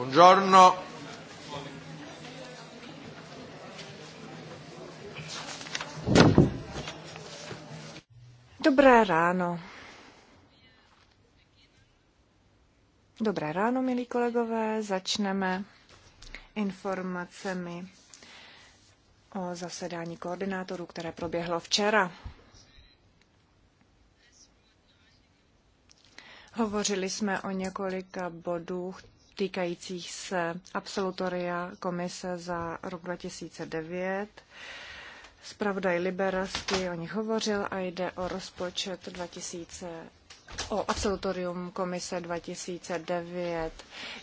Buongiorno. Dobré ráno. Dobré ráno, milí kolegové. Začneme informacemi o zasedání koordinátorů, které proběhlo včera. Hovořili jsme o několika bodů, týkajících se absolutoria komise za rok 2009. Spravodaj Liberasky o nich hovořil a jde o rozpočet 2000 o absolutorium komise 2009.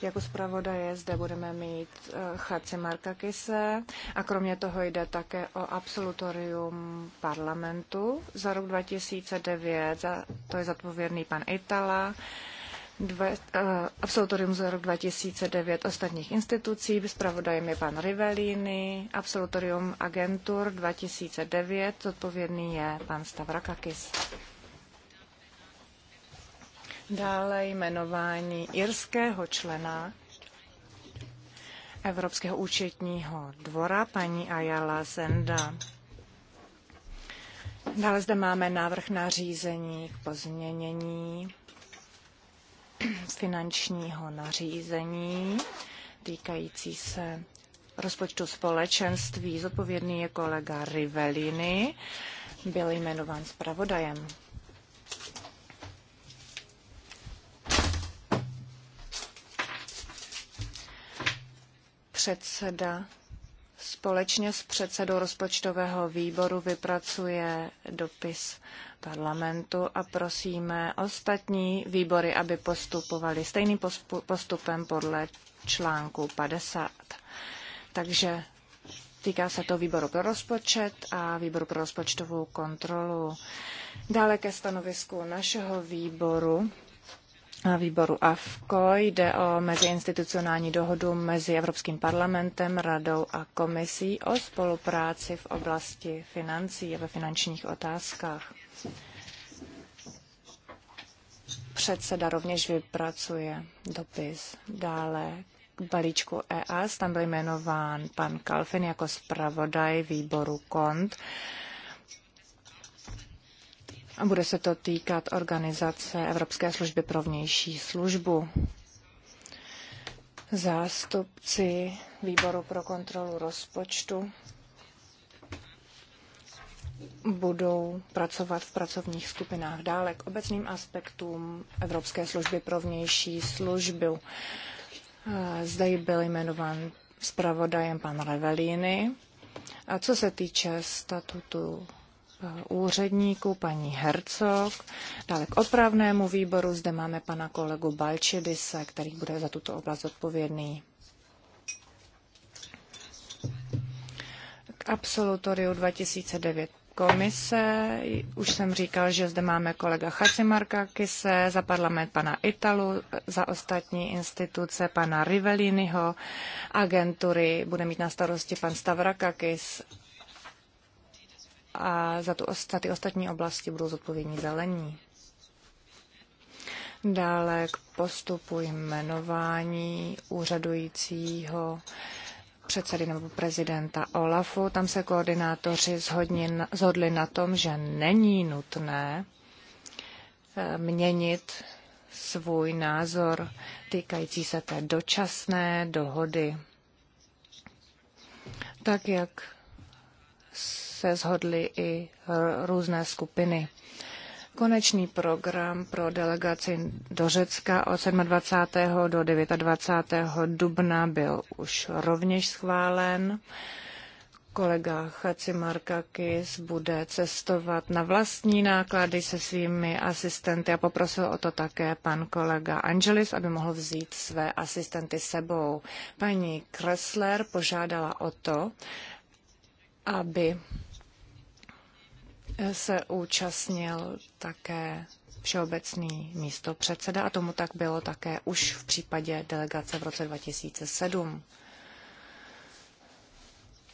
Jako zpravodaje zde budeme mít eh, Chaci Marka Kise a kromě toho jde také o absolutorium parlamentu za rok 2009. To je zodpovědný pan Itala Eh, absolutorium za rok 2009 ostatních institucí, zpravodajem je pan Rivellini, absolutorium agentur 2009, odpovědný je pan Stavrakakis. Dále jmenování irského člena Evropského účetního dvora, paní Ayala Zenda. Dále zde máme návrh na řízení k pozměnění finančního nařízení týkající se rozpočtu společenství. Zodpovědný je kolega Rivellini, byl jmenován zpravodajem. Předseda společně s předsedou rozpočtového výboru vypracuje dopis parlamentu a prosíme ostatní výbory, aby postupovali stejným postupem podle článku 50. Takže týká se to výboru pro rozpočet a výboru pro rozpočtovou kontrolu. Dále ke stanovisku našeho výboru výboru AFKO. Jde o meziinstitucionální dohodu mezi Evropským parlamentem, radou a komisí o spolupráci v oblasti financí a ve finančních otázkách. Předseda rovněž vypracuje dopis dále k balíčku EAS. Tam byl jmenován pan Kalfin jako zpravodaj výboru KONT. A bude se to týkat organizace Evropské služby pro vnější službu. Zástupci výboru pro kontrolu rozpočtu budou pracovat v pracovních skupinách dále k obecným aspektům Evropské služby pro vnější službu. Zde byl jmenován zpravodajem pan Revelíny. A co se týče statutu e, úředníků, paní Hercog. Dále k opravnému výboru zde máme pana kolegu Balčidise, který bude za tuto oblast odpovědný. K absolutoriu 2009 komise. Už jsem říkal, že zde máme kolega Chacimarka Kise, za parlament pana Italu, za ostatní instituce pana Riveliniho, agentury bude mít na starosti pan Stavrakakis a za, tu, za ty ostatní oblasti budou zodpovědní zelení. Dále k postupu jmenování úřadujícího předsedy nebo prezidenta Olafu. Tam se koordinátoři zhodli na tom, že není nutné eh, měnit svůj názor týkající se té dočasné dohody. Tak, jak se zhodly i různé skupiny konečný program pro delegaci do Řecka od 27. do 29. dubna byl už rovněž schválen. Kolega Markakis bude cestovat na vlastní náklady se svými asistenty a poprosil o to také pan kolega Angelis, aby mohl vzít své asistenty sebou. Paní Kressler požádala o to, aby se účastnil také všeobecný místo předseda a tomu tak bylo také už v případě delegace v roce 2007.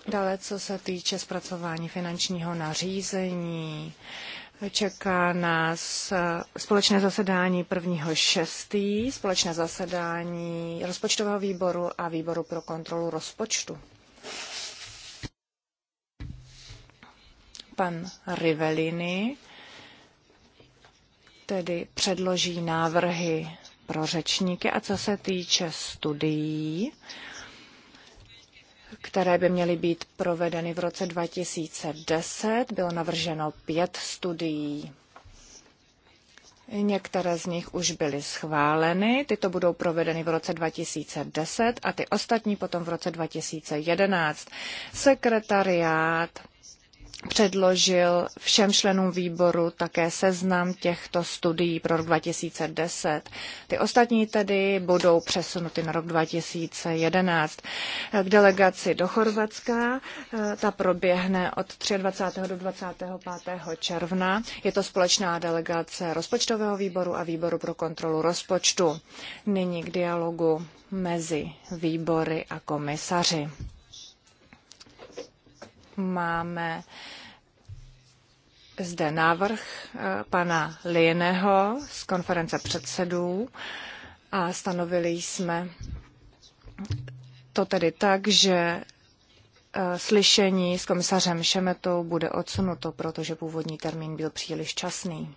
Dále, co se týče zpracování finančního nařízení, čeká nás eh, společné zasedání 1.6., společné zasedání rozpočtového výboru a výboru pro kontrolu rozpočtu. pan Rivelini tedy předloží návrhy pro řečníky. A co se týče studií, které by měly být provedeny v roce 2010, bylo navrženo pět studií. Některé z nich už byly schváleny, tyto budou provedeny v roce 2010 a ty ostatní potom v roce 2011. Sekretariát předložil všem členům výboru také seznam těchto studií pro rok 2010. Ty ostatní tedy budou přesunuty na rok 2011. K delegaci do Chorvatska, eh, ta proběhne od 23. do 25. června. Je to společná delegace rozpočtového výboru a výboru pro kontrolu rozpočtu. Nyní k dialogu mezi výbory a komisaři máme zde návrh eh, pana Lieného z konference předsedů a stanovili jsme to tedy tak, že eh, slyšení s komisařem Šemetou bude odsunuto, protože původní termín byl příliš časný.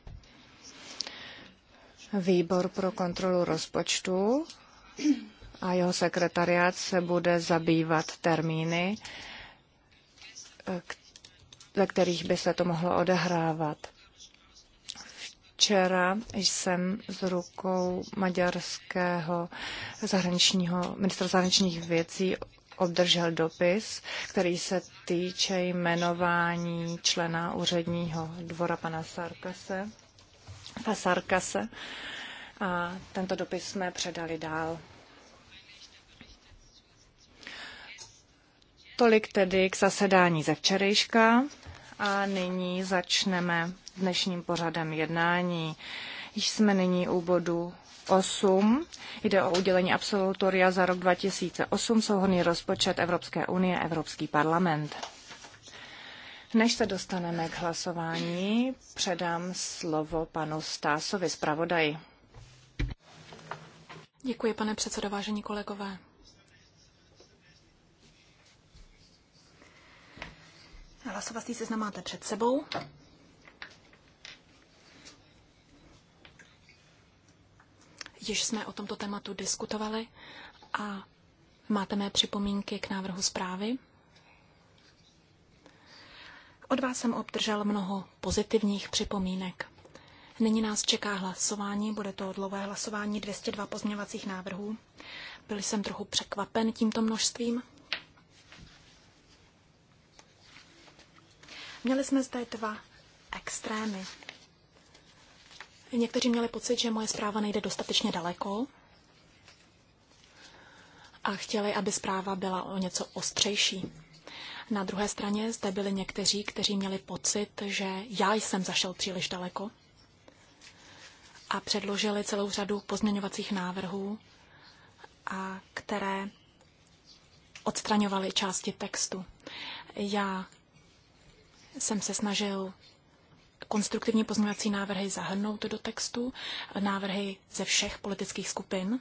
Výbor pro kontrolu rozpočtu a jeho sekretariát se bude zabývat termíny ve kterých by se to mohlo odehrávat. Včera jsem s rukou maďarského zahraničního, ministra zahraničních věcí obdržel dopis, který se týče jmenování člena úředního dvora pana Sarkase. Sarkase. A tento dopis jsme předali dál. Tolik tedy k zasedání ze včerejška a nyní začneme dnešním pořadem jednání. Již jsme nyní u bodu 8. Jde o udělení absolutoria za rok 2008, souhodný rozpočet Evropské unie, Evropský parlament. Než se dostaneme k hlasování, předám slovo panu Stásovi, zpravodaji. Děkuji, pane předsedo, vážení kolegové. Hlasovací seznam máte před sebou. Již jsme o tomto tématu diskutovali a máte mé připomínky k návrhu zprávy. Od vás jsem obdržel mnoho pozitivních připomínek. Nyní nás čeká hlasování, bude to dlouhé hlasování 202 pozměňovacích návrhů. Byl jsem trochu překvapen tímto množstvím. Měli jsme zde dva extrémy. Někteří měli pocit, že moje zpráva nejde dostatečně daleko a chtěli, aby zpráva byla o něco ostřejší. Na druhé straně zde byli někteří, kteří měli pocit, že já jsem zašel příliš daleko a předložili celou řadu pozměňovacích návrhů, a které odstraňovaly části textu. Já jsem se snažil konstruktivní pozměňovací návrhy zahrnout do textu, návrhy ze všech politických skupin.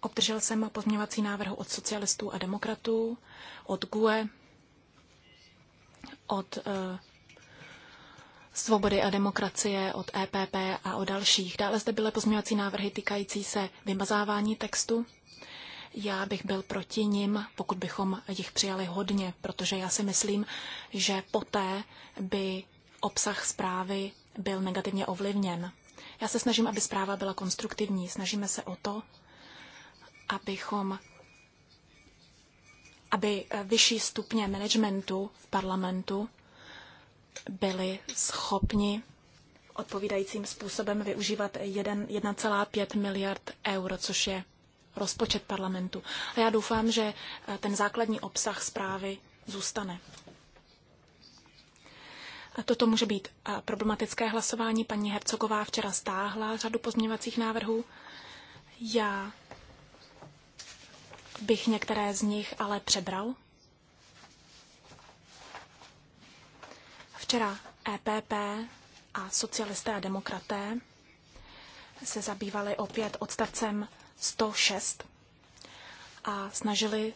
Obdržel jsem pozměňovací návrhu od socialistů a demokratů, od GUE, od uh, Svobody a demokracie, od EPP a od dalších. Dále zde byly pozměňovací návrhy týkající se vymazávání textu. Já bych byl proti nim, pokud bychom jich přijali hodně, protože já si myslím, že poté by obsah zprávy byl negativně ovlivněn. Já se snažím, aby zpráva byla konstruktivní. Snažíme se o to, abychom aby vyšší stupně managementu v parlamentu byli schopni odpovídajícím způsobem využívat 1,5 miliard euro, což je rozpočet parlamentu. A já doufám, že eh, ten základní obsah zprávy zůstane. Toto může být eh, problematické hlasování. Paní Hercogová včera stáhla řadu pozměňovacích návrhů. Já bych některé z nich ale přebral. Včera EPP a socialisté a demokraté se zabývali opět odstavcem 106 a snažili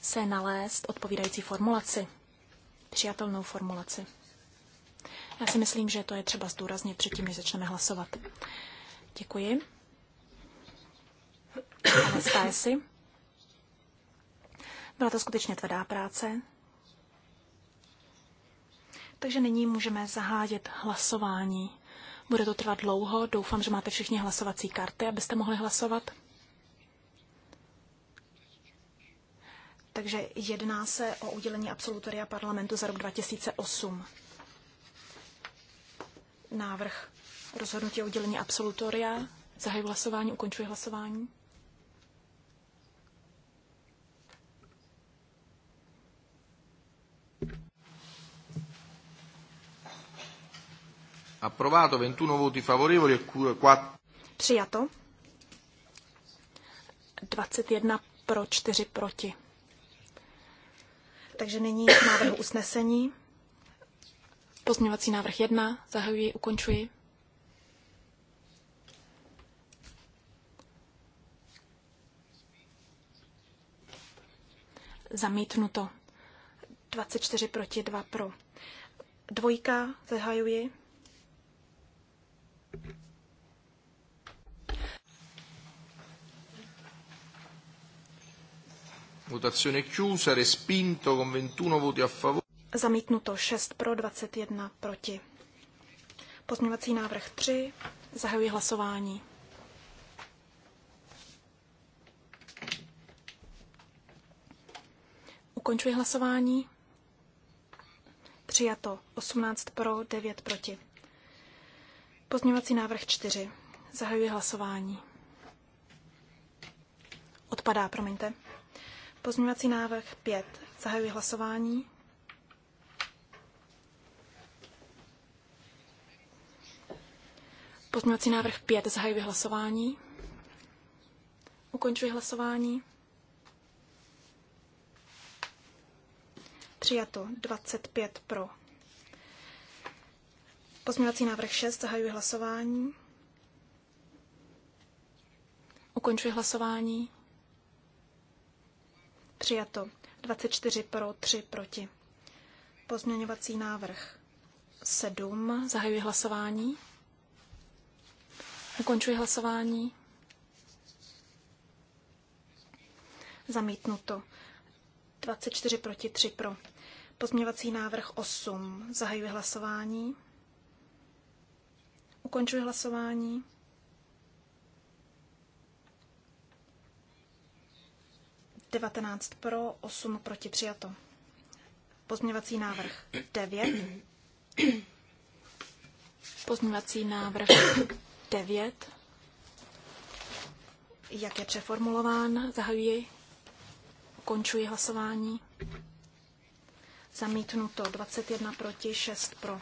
se nalézt odpovídající formulaci, přijatelnou formulaci. Já si myslím, že to je třeba zdůraznit předtím, než začneme hlasovat. Děkuji. stále si. Byla to skutečně tvrdá práce. Takže nyní můžeme zahájit hlasování. Bude to trvat dlouho, doufám, že máte všichni hlasovací karty, abyste mohli hlasovat. Takže jedná se o udělení absolutoria parlamentu za rok 2008. Návrh rozhodnutí o udělení absolutoria. Zahajuji hlasování, ukončuji hlasování. Approvato 21 voti favorevoli e 4 Přijato. 21 pro, 4 proti. Takže nyní k návrhu usnesení. Pozměňovací návrh 1. Zahajuji, ukončuji. Zamítnuto. 24 proti 2 pro. Dvojka zahajuji. Votazione chiusa, respinto con 21 voti a favore. Zamítnuto 6 pro 21 proti. Pozměňovací návrh 3. Zahajuji hlasování. Ukončuji hlasování. Přijato 18 pro, 9 proti. Pozměňovací návrh 4. Zahajuji hlasování. Odpadá, promiňte. Pozměňovací návrh 5. Zahajuji hlasování. Pozměňovací návrh 5. Zahajuji hlasování. Ukončuji hlasování. Přijato 25 pro. Pozměňovací návrh 6. Zahajuji hlasování. Ukončuji hlasování. Přijato. 24 pro, 3 proti. Pozměňovací návrh 7. Zahajuji hlasování. Ukončuji hlasování. Zamítnuto. 24 proti, 3 pro. Pozměňovací návrh 8. Zahajuji hlasování. Ukončuji hlasování. 19 pro, 8 proti přijato. Pozměňovací návrh 9. Pozměňovací návrh 9. Jak je přeformulován? Zahajuji. Končuji hlasování. Zamítnuto 21 proti, 6 pro.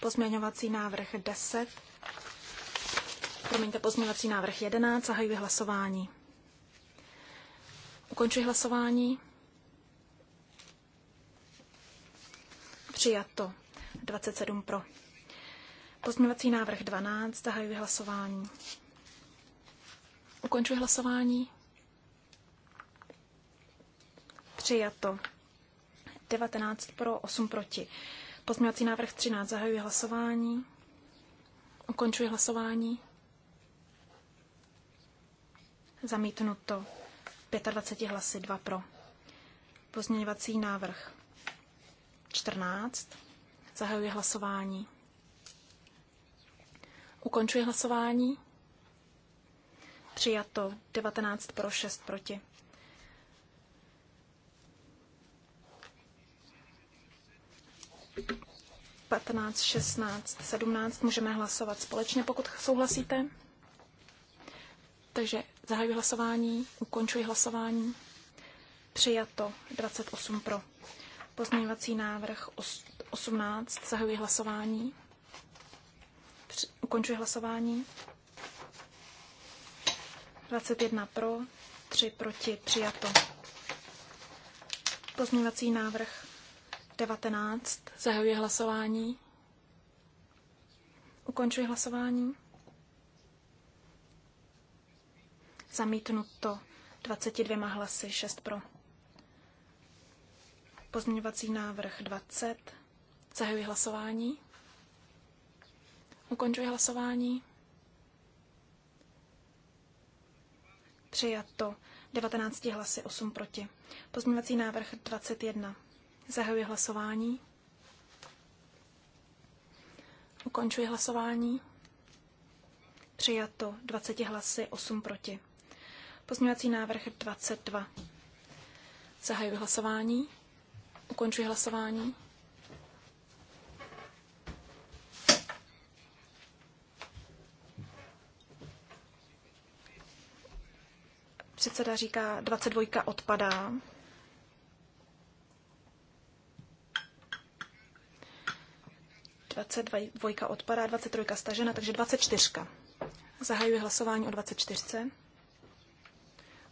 Pozměňovací návrh 10. Promiňte, pozměňovací návrh 11. Zahajuji hlasování. Ukončuji hlasování. Přijato. 27 pro. Pozměňovací návrh 12. Zahajuji hlasování. Ukončuji hlasování. Přijato. 19 pro, 8 proti. Pozměňovací návrh 13. Zahajuji hlasování. Ukončuji hlasování. Zamítnuto. 25 hlasy 2 pro. Pozměňovací návrh 14. Zahajuji hlasování. Ukončuji hlasování. Přijato 19 pro 6 proti. Patnáct, šestnáct, sedmnáct můžeme hlasovat společně, pokud souhlasíte. Takže Zahajuji hlasování, ukončuji hlasování. Přijato 28 pro. Pozměňovací návrh 18. Zahajuji hlasování. ukončuji hlasování. 21 pro, 3 proti, přijato. Pozměňovací návrh 19. Zahajuji hlasování. Ukončuji hlasování. Zamítnuto 22 hlasy, 6 pro. Pozměňovací návrh 20. Zahajuji hlasování. Ukončuji hlasování. Přijato 19 hlasy, 8 proti. Pozměňovací návrh 21. Zahajuji hlasování. Ukončuji hlasování. Přijato 20 hlasy, 8 proti. Pozměňovací návrh 22. Zahajuji hlasování. Ukončuji hlasování. Předseda říká, 22 odpadá. dvojka odpadá, 23 stažena, takže 24. Zahajuji hlasování o 24.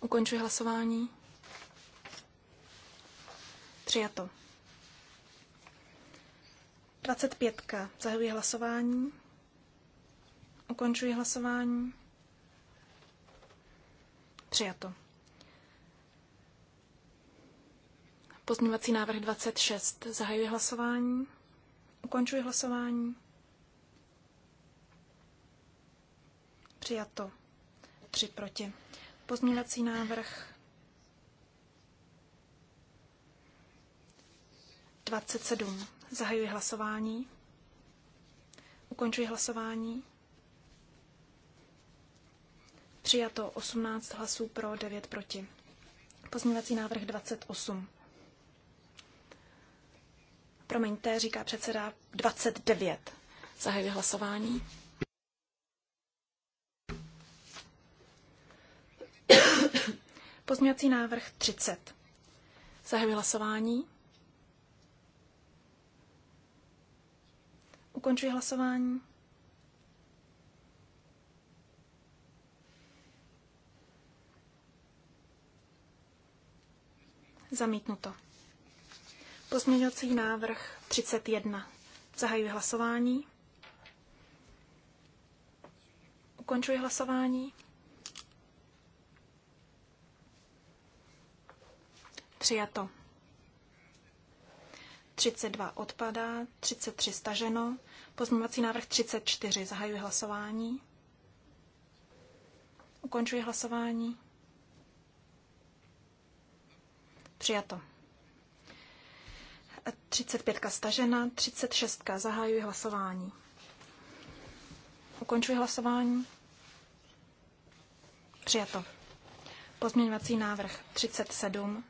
Ukončuji hlasování. Přijato. 25. Zahajuji hlasování. Ukončuji hlasování. Přijato. Pozměňovací návrh 26. Zahajuji hlasování. Ukončuji hlasování. Přijato. tři proti. Pozměňovací návrh 27. Zahajuji hlasování. Ukončuji hlasování. Přijato 18 hlasů pro, 9 proti. Pozměňovací návrh 28. Promiňte, říká předseda 29. Zahajuji hlasování. Pozměňovací návrh 30. Zahajuji hlasování. Ukončuji hlasování. Zamítnuto. Pozměňovací návrh 31. Zahajuji hlasování. Ukončuji hlasování. Přijato. 32 odpadá, 33 staženo, pozměňovací návrh 34, zahajuji hlasování. Ukončuji hlasování. Přijato. 35 stažena, 36 zahajuji hlasování. Ukončuji hlasování. Přijato. Pozměňovací návrh 37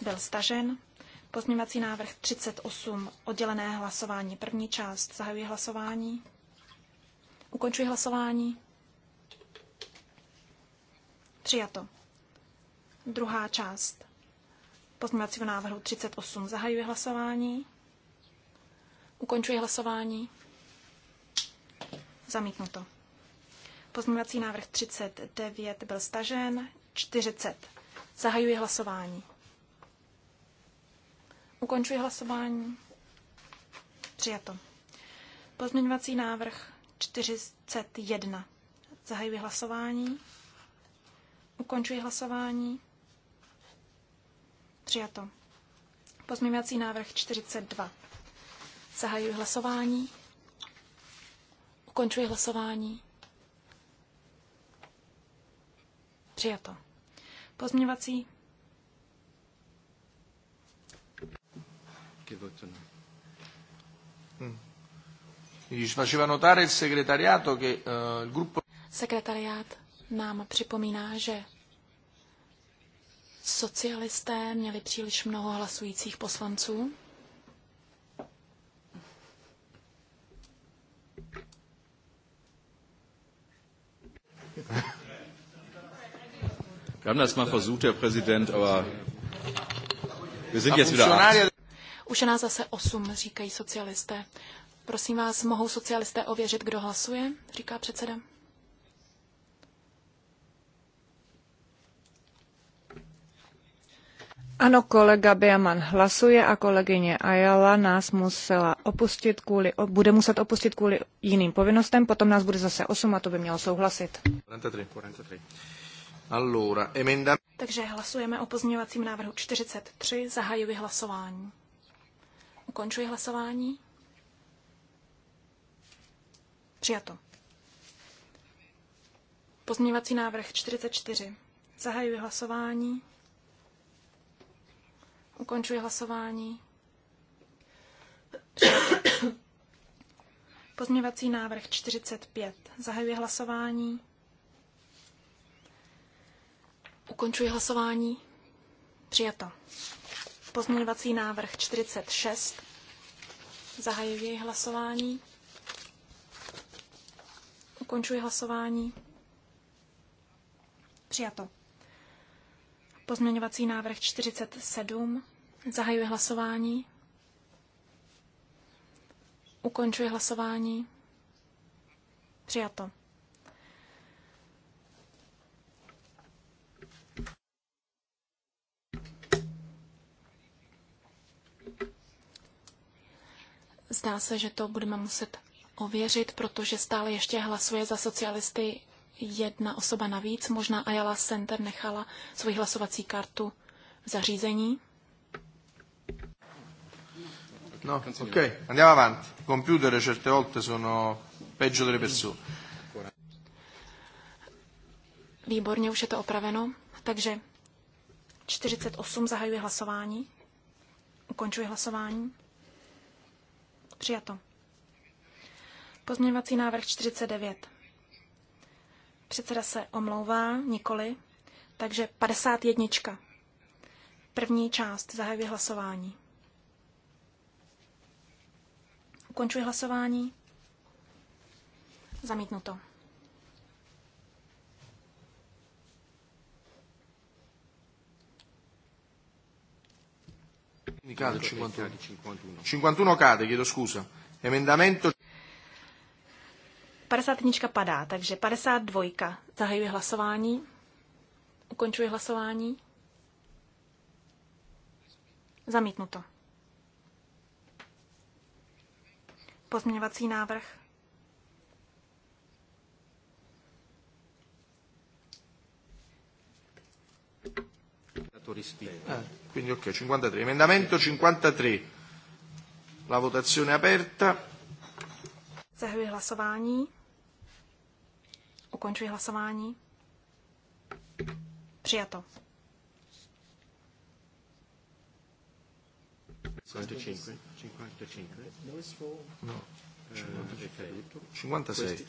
byl stažen. Pozměňovací návrh 38, oddělené hlasování. První část, zahajuji hlasování. Ukončuji hlasování. Přijato. Druhá část pozměňovacího návrhu 38. Zahajuji hlasování. Ukončuji hlasování. Zamítnuto. Pozměňovací návrh 39 byl stažen. 40. Zahajuji hlasování. Ukončuji hlasování. Přijato. Pozměňovací návrh 41. Zahajuji hlasování. Ukončuji hlasování. Přijato. Pozměňovací návrh 42. Zahajuji hlasování. Ukončuji hlasování. Přijato. Pozměňovací che votano. faceva hmm. notare il segretariato che uh, eh, il gruppo... Sekretariát nám připomíná, že socialisté měli příliš mnoho hlasujících poslanců. Wir haben das mal versucht, Herr Präsident, aber wir sind jetzt wieder acht. Už je nás zase osm, říkají socialisté. Prosím vás, mohou socialisté ověřit, kdo hlasuje, říká předseda. Ano, kolega Biaman hlasuje a kolegyně Ayala nás musela opustit kvůli, bude muset opustit kvůli jiným povinnostem, potom nás bude zase 8 a to by mělo souhlasit. 43, 43. Allora, emenda... Takže hlasujeme o pozměňovacím návrhu 43, zahajuji hlasování. Ukončuji hlasování. Přijato. Pozměňovací návrh 44. Zahajuji hlasování. Ukončuji hlasování. Přijato. Pozměňovací návrh 45. Zahajuji hlasování. Ukončuji hlasování. Přijato. Pozměňovací návrh 46. Zahajuji hlasování. Ukončuji hlasování. Přijato. Pozměňovací návrh 47. Zahajuji hlasování. Ukončuji hlasování. Přijato. Zdá se, že to budeme muset ověřit, protože stále ještě hlasuje za socialisty jedna osoba navíc. Možná Ayala Center nechala svoji hlasovací kartu v zařízení. No, ok, andiamo avanti. Computer certe volte sono peggio delle persone. Výborně, už je to opraveno. Takže 48 zahajuje hlasování. Ukončuji hlasování. Přijato. Pozměňovací návrh 49. Předseda se omlouvá, nikoli, takže 51. První část zahajuje hlasování. Ukončuji hlasování. Zamítnuto. Cade il 51. 51 cade, chiedo scusa. Emendamento... 51 padá, takže 52. Zahajuji hlasování. Ukončuji hlasování. Zamítnuto. Pozměňovací návrh fattori spin. Eh, quindi ok, 53. Emendamento 53. La votazione è aperta. Zahajuji hlasování. Ukončuji hlasování. Přijato. 55. 56. No, no, eh,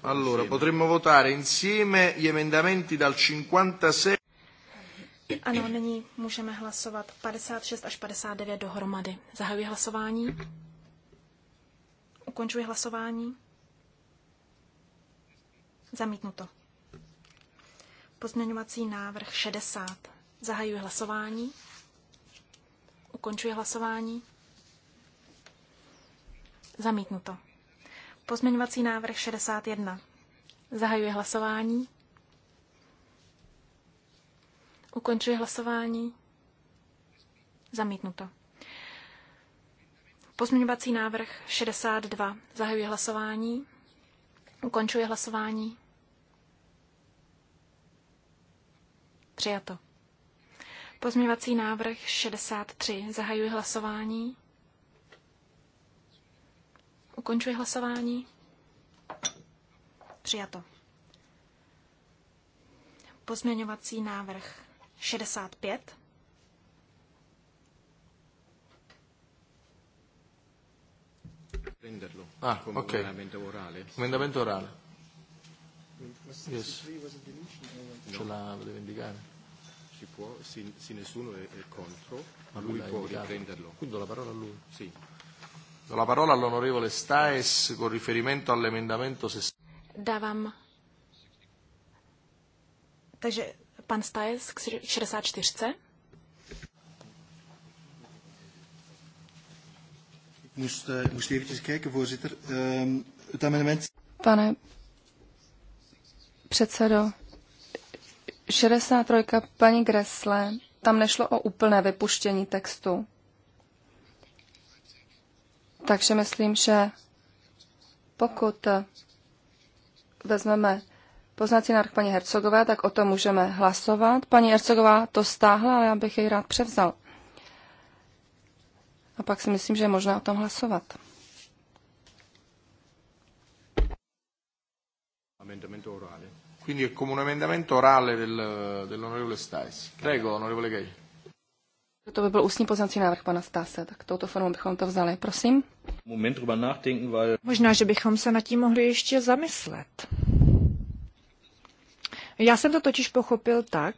allora, potremmo votare insieme gli emendamenti dal 56. Ano, nyní můžeme hlasovat 56 až 59 dohromady. Zahajuji hlasování. Ukončuji hlasování. Zamítnuto. Pozměňovací návrh 60. Zahajuji hlasování. Ukončuji hlasování. Zamítnuto. Pozměňovací návrh 61. Zahajuji hlasování. Ukončuji hlasování. Zamítnuto. Pozměňovací návrh 62. Zahajuji hlasování. Ukončuji hlasování. Přijato. Pozměňovací návrh 63. Zahajuji hlasování. Ukončuji hlasování. Přijato. Pozměňovací návrh 65. Prenderlo. Ah, come ok. Emendamento orale. Emendamento orale. Yes. Ce la deve indicare? Si può, si, se nessuno è, è contro, Ma lui lui può indicato. riprenderlo. Quindi do la parola a lui. Sì. Do la parola all'onorevole Staes con riferimento all'emendamento 60. Davam. Takže Pan Stajes k 64. Ehm, Pane předsedo, 63. paní Gresle, tam nešlo o úplné vypuštění textu. Takže myslím, že pokud vezmeme poznací návrh paní Hercogové, tak o tom můžeme hlasovat. Paní Hercogová to stáhla, ale já bych jej rád převzal. A pak si myslím, že je možné o tom hlasovat. Amendamento orale. Quindi è come un emendamento orale del, dell'onorevole Prego, onorevole Gay. To by byl ústní poznací návrh pana Stáse, tak touto formou bychom to vzali. Prosím. Moment, weil... Možná, že bychom se nad tím mohli ještě zamyslet. Já jsem to totiž pochopil tak,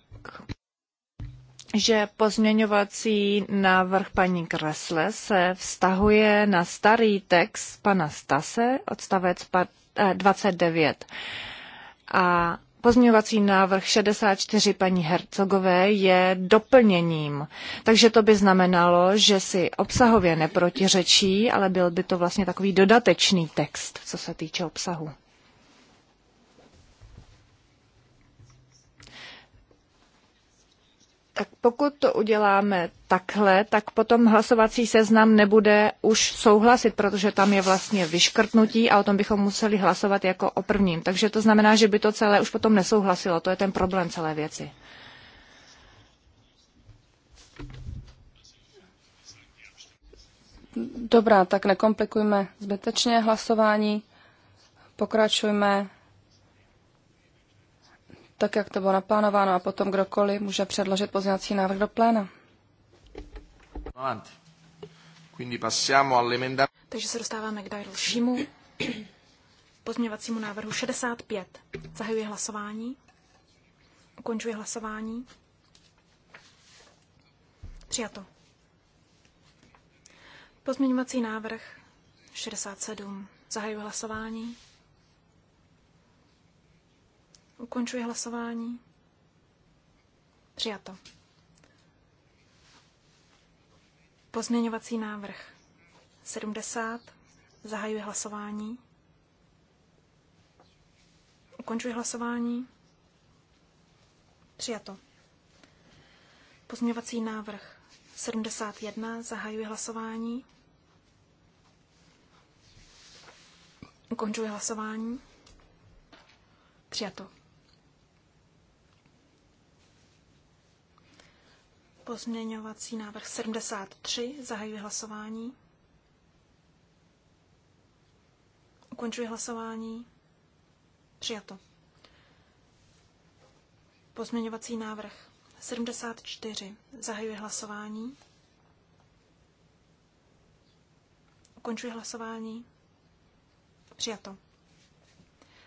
že pozměňovací návrh paní Kresle se vztahuje na starý text pana Stase, odstavec 29. Eh, A pozměňovací návrh 64 paní Hercogové je doplněním. Takže to by znamenalo, že si obsahově neprotiřečí, ale byl by to vlastně takový dodatečný text, co se týče obsahu. Tak pokud to uděláme takhle, tak potom hlasovací seznam nebude už souhlasit, protože tam je vlastně vyškrtnutí a o tom bychom museli hlasovat jako o prvním. Takže to znamená, že by to celé už potom nesouhlasilo. To je ten problém celé věci. Dobrá, tak nekomplikujme zbytečně hlasování. Pokračujme tak jak to bylo naplánováno, a potom kdokoliv může předložit pozměňovací návrh do pléna. Takže se dostáváme k dalšímu pozměňovacímu návrhu 65. Zahajuji hlasování. Ukončuji hlasování. Přijato. Pozměňovací návrh 67. Zahajuji hlasování. Ukončuji hlasování. Přijato. Pozměňovací návrh 70. Zahajuji hlasování. Ukončuji hlasování. Přijato. Pozměňovací návrh 71. Zahajuji hlasování. Ukončuji hlasování. Přijato. Pozměňovací návrh 73. Zahajuji hlasování. Ukončuji hlasování. Přijato. Pozměňovací návrh 74. Zahajuji hlasování. Ukončuji hlasování. Přijato.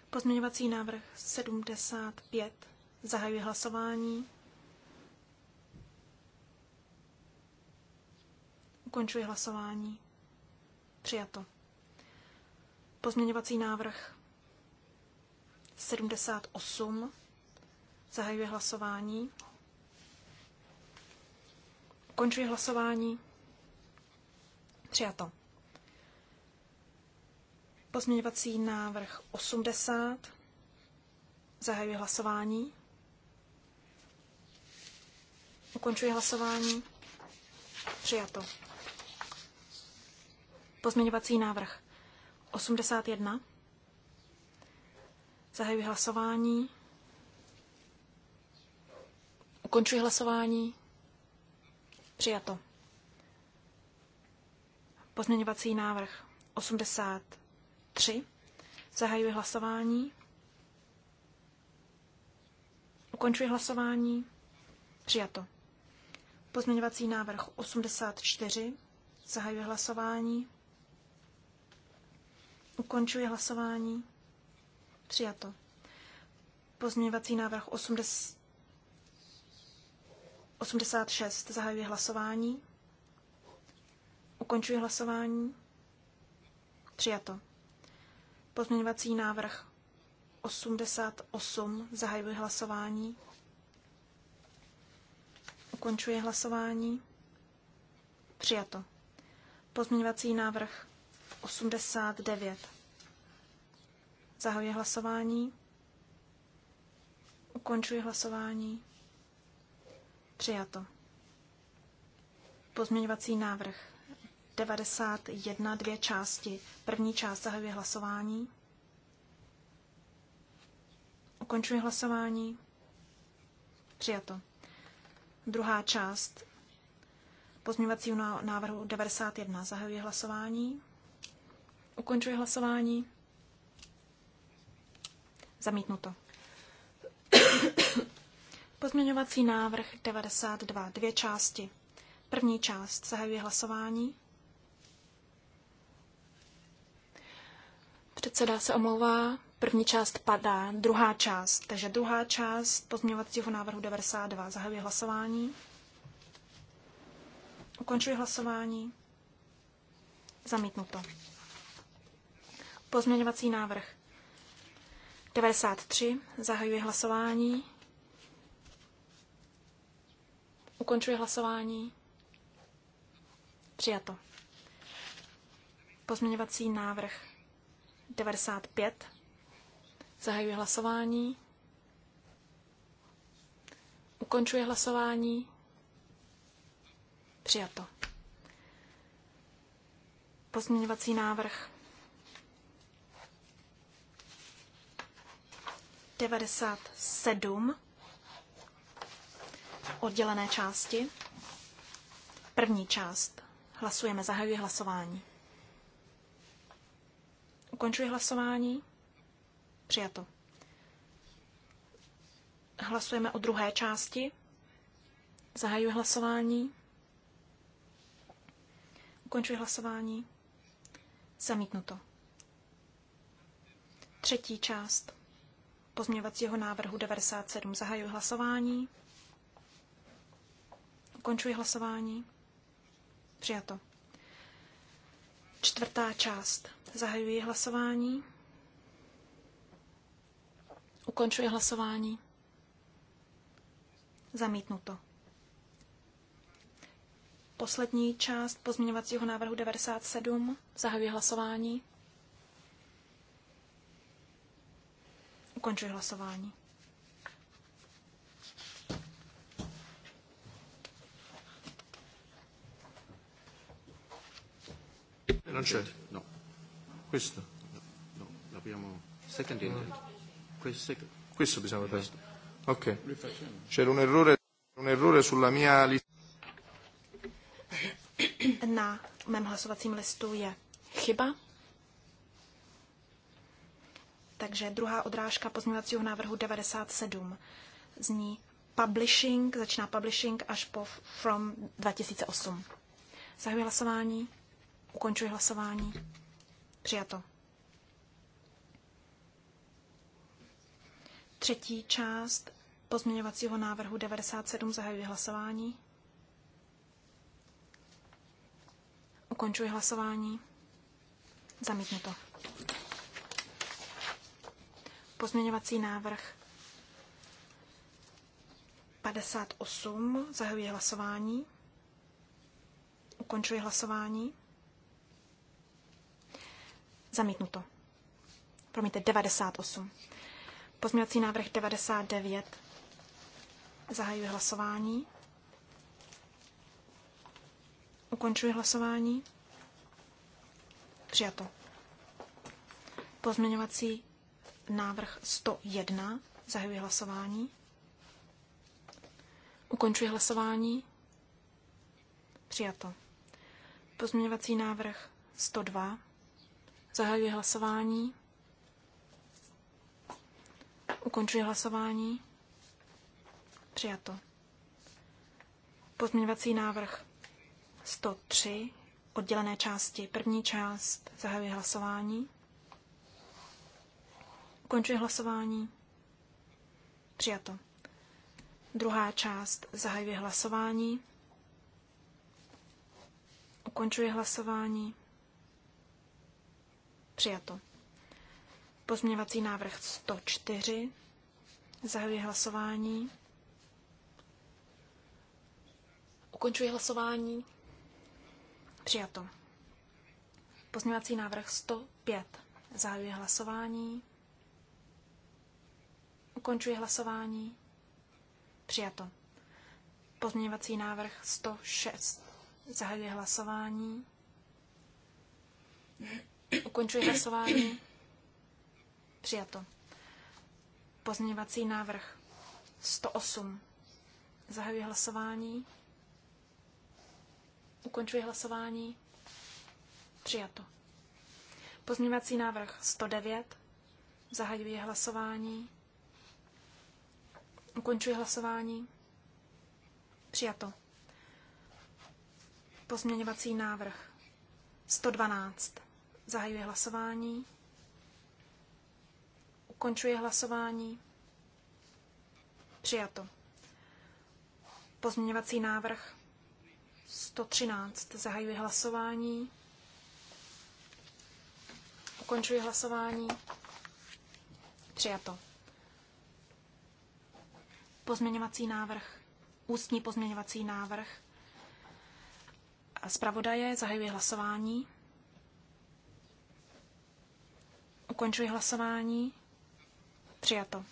Pozměňovací návrh 75. Zahajuji hlasování. Ukončuji hlasování. Přijato. Pozměňovací návrh 78. Zahajuji hlasování. Ukončuji hlasování. Přijato. Pozměňovací návrh 80. Zahajuji hlasování. Ukončuji hlasování. Přijato. Pozměňovací návrh 81. Zahajuji hlasování. Ukončuji hlasování. Přijato. Pozměňovací návrh 83. Zahajuji hlasování. Ukončuji hlasování. Přijato. Pozměňovací návrh 84. Zahajuji hlasování. Ukončuji hlasování. Přijato. Pozměňovací návrh 86. Zahajuji hlasování. Ukončuji hlasování. Přijato. Pozměňovací návrh 88. Zahajuji hlasování. Ukončuji hlasování. Přijato. Pozměňovací návrh 89. Zahajuji hlasování. Ukončuji hlasování. Přijato. Pozměňovací návrh 91, dvě části. První část zahajuje hlasování. Ukončuji hlasování. Přijato. Druhá část pozměňovacího návrhu 91. Zahajuji hlasování. Ukončuji hlasování. Zamítnuto. Pozměňovací návrh 92. Dvě části. První část zahajuje hlasování. Předseda se omlouvá, první část padá, druhá část. Takže druhá část pozměňovacího návrhu 92 zahajuje hlasování. Ukončuji hlasování. Zamítnuto. Pozměňovací návrh 93. Zahajuji hlasování. Ukončuji hlasování. Přijato. Pozměňovací návrh 95. Zahajuji hlasování. Ukončuji hlasování. Přijato. Pozměňovací návrh 97 oddělené části. První část. Hlasujeme, zahajuji hlasování. Ukončuji hlasování. Přijato. Hlasujeme o druhé části. Zahajuji hlasování. Ukončuji hlasování. Zamítnuto. Třetí část pozměňovacího návrhu 97. Zahajuji hlasování. Ukončuji hlasování. Přijato. Čtvrtá část. Zahajuji hlasování. Ukončuji hlasování. Zamítnuto. Poslední část pozměňovacího návrhu 97. Zahajuji hlasování. Ukončuji hlasování. Non c'è? No. Questo? No, no. l'abbiamo... Second intent. Questo, second. Eh, questo bisogna questo. Ok. C'era un errore, un errore sulla mia lista. Na mém hlasovacím listu je chyba. Takže druhá odrážka pozměňovacího návrhu 97 zní publishing, začíná publishing až po from 2008. Zahajuji hlasování, ukončuji hlasování, přijato. Třetí část pozměňovacího návrhu 97 zahajuji hlasování. Ukončuji hlasování. to. Pozměňovací návrh 58. Zahajuji hlasování. Ukončuji hlasování. Zamítnuto. Promiňte, 98. Pozměňovací návrh 99. Zahajuji hlasování. Ukončuji hlasování. Přijato. Pozměňovací návrh 101. Zahajuji hlasování. Ukončuji hlasování. Přijato. Pozměňovací návrh 102. Zahajuji hlasování. Ukončuji hlasování. Přijato. Pozměňovací návrh 103. Oddělené části. První část. Zahajuji hlasování. Ukončuji hlasování. Přijato. Druhá část zahajuje hlasování. Ukončuji hlasování. Přijato. Pozměňovací návrh 104. Zahajuje hlasování. Ukončuji hlasování. Přijato. Pozměňovací návrh 105. Zahajuje hlasování. Ukončuji hlasování. Přijato. Pozměňovací návrh 106. Zahajuji hlasování. Ukončuji hlasování. Přijato. Pozměňovací návrh 108. Zahajuji hlasování. Ukončuji hlasování. Přijato. Pozměňovací návrh 109. Zahajuji hlasování. Ukončuji hlasování. Přijato. Pozměňovací návrh 112. Zahajuji hlasování. Ukončuji hlasování. Přijato. Pozměňovací návrh 113. Zahajuji hlasování. Ukončuji hlasování. Přijato pozměňovací návrh, ústní pozměňovací návrh. Zpravodaje zahajuji hlasování. Ukončuji hlasování. Přijato.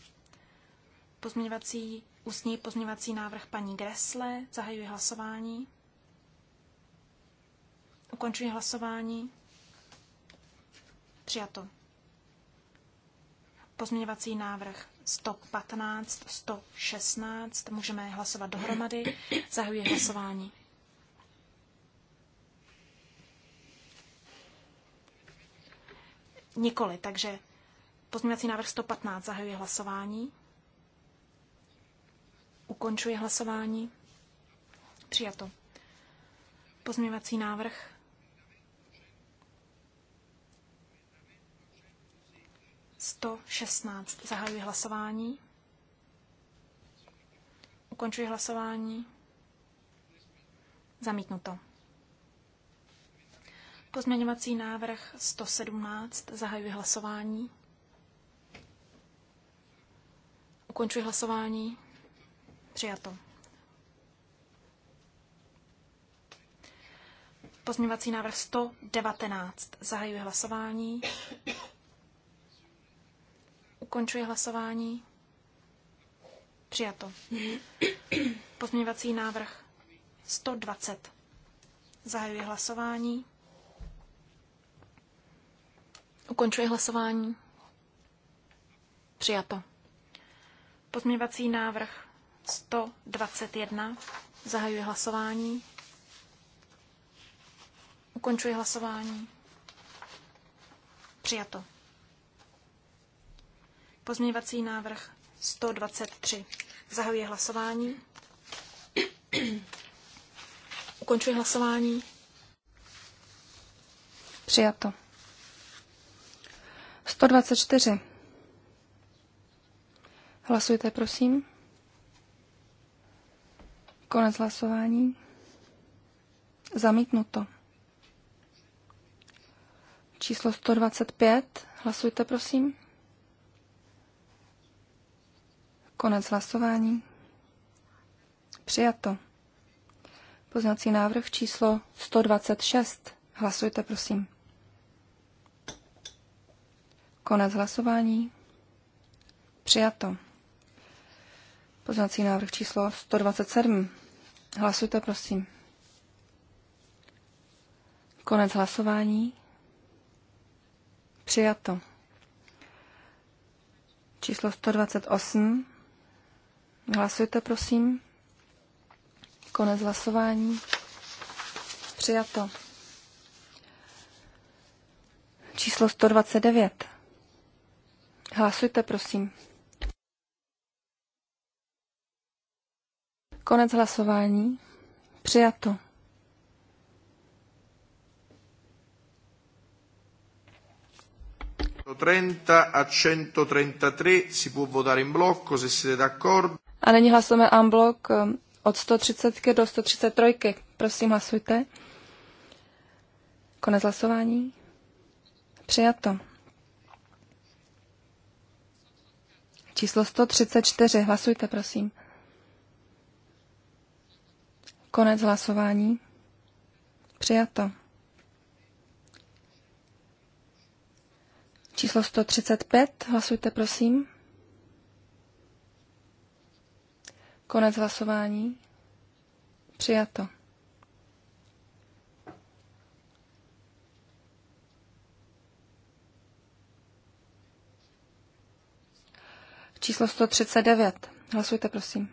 Pozměňovací, ústní pozměňovací návrh paní Gresle. Zahajuji hlasování. Ukončuji hlasování. Přijato. Pozměňovací návrh 115, 116. Můžeme hlasovat dohromady. Zahajuji hlasování. Nikoli, takže pozměňovací návrh 115 zahajuje hlasování. Ukončuje hlasování. Přijato. Pozměňovací návrh 116. Zahajuji hlasování. Ukončuji hlasování. Zamítnuto. Pozměňovací návrh 117. Zahajuji hlasování. Ukončuji hlasování. Přijato. Pozměňovací návrh 119. Zahajuji hlasování. Ukončuji hlasování. Přijato. Pozměňovací návrh 120. Zahajuji hlasování. Ukončuji hlasování. Přijato. Pozměňovací návrh 121. Zahajuji hlasování. Ukončuji hlasování. Přijato. Pozměňovací návrh 123. Zahajuji hlasování. Ukončuji hlasování. Přijato. 124. Hlasujte, prosím. Konec hlasování. Zamítnuto. Číslo 125. Hlasujte, prosím. Konec hlasování. Přijato. Poznací návrh číslo 126. Hlasujte, prosím. Konec hlasování. Přijato. Poznací návrh číslo 127. Hlasujte, prosím. Konec hlasování. Přijato. Číslo 128. Hlasujte, prosím. Konec hlasování. Přijato. Číslo 129. Hlasujte, prosím. Konec hlasování. Přijato. a 133 si può votare in blocco se siete d'accordo. A nyní hlasujeme unblock um, od 130 do 133. Prosím, hlasujte. Konec hlasování. Přijato. Číslo 134. Hlasujte, prosím. Konec hlasování. Přijato. Číslo 135. Hlasujte, prosím. Konec hlasování. Přijato. Číslo 139. Hlasujte, prosím.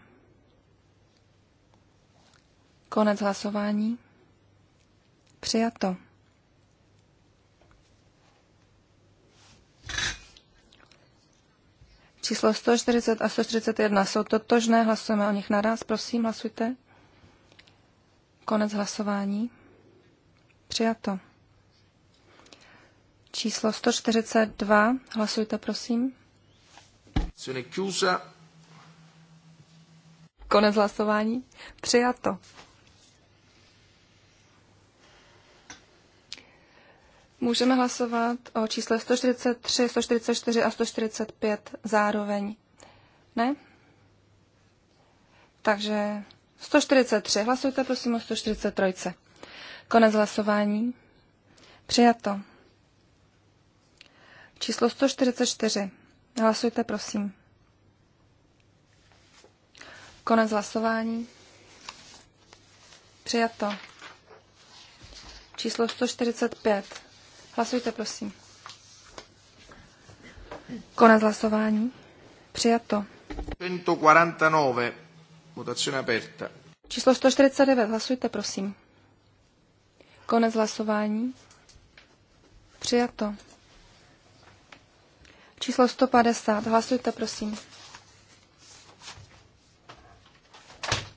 Konec hlasování. Přijato. Číslo 140 a 141 jsou totožné, hlasujeme o nich naraz. Prosím, hlasujte. Konec hlasování. Přijato. Číslo 142, hlasujte, prosím. Konec hlasování. Přijato. Můžeme hlasovat o čísle 143, 144 a 145 zároveň. Ne? Takže 143. Hlasujte prosím o 143. Konec hlasování. Přijato. Číslo 144. Hlasujte prosím. Konec hlasování. Přijato. Číslo 145. Hlasujte, prosím. Konec hlasování. Přijato. 149. Votazione aperta. Číslo 149. Hlasujte, prosím. Konec hlasování. Přijato. Číslo 150. Hlasujte, prosím.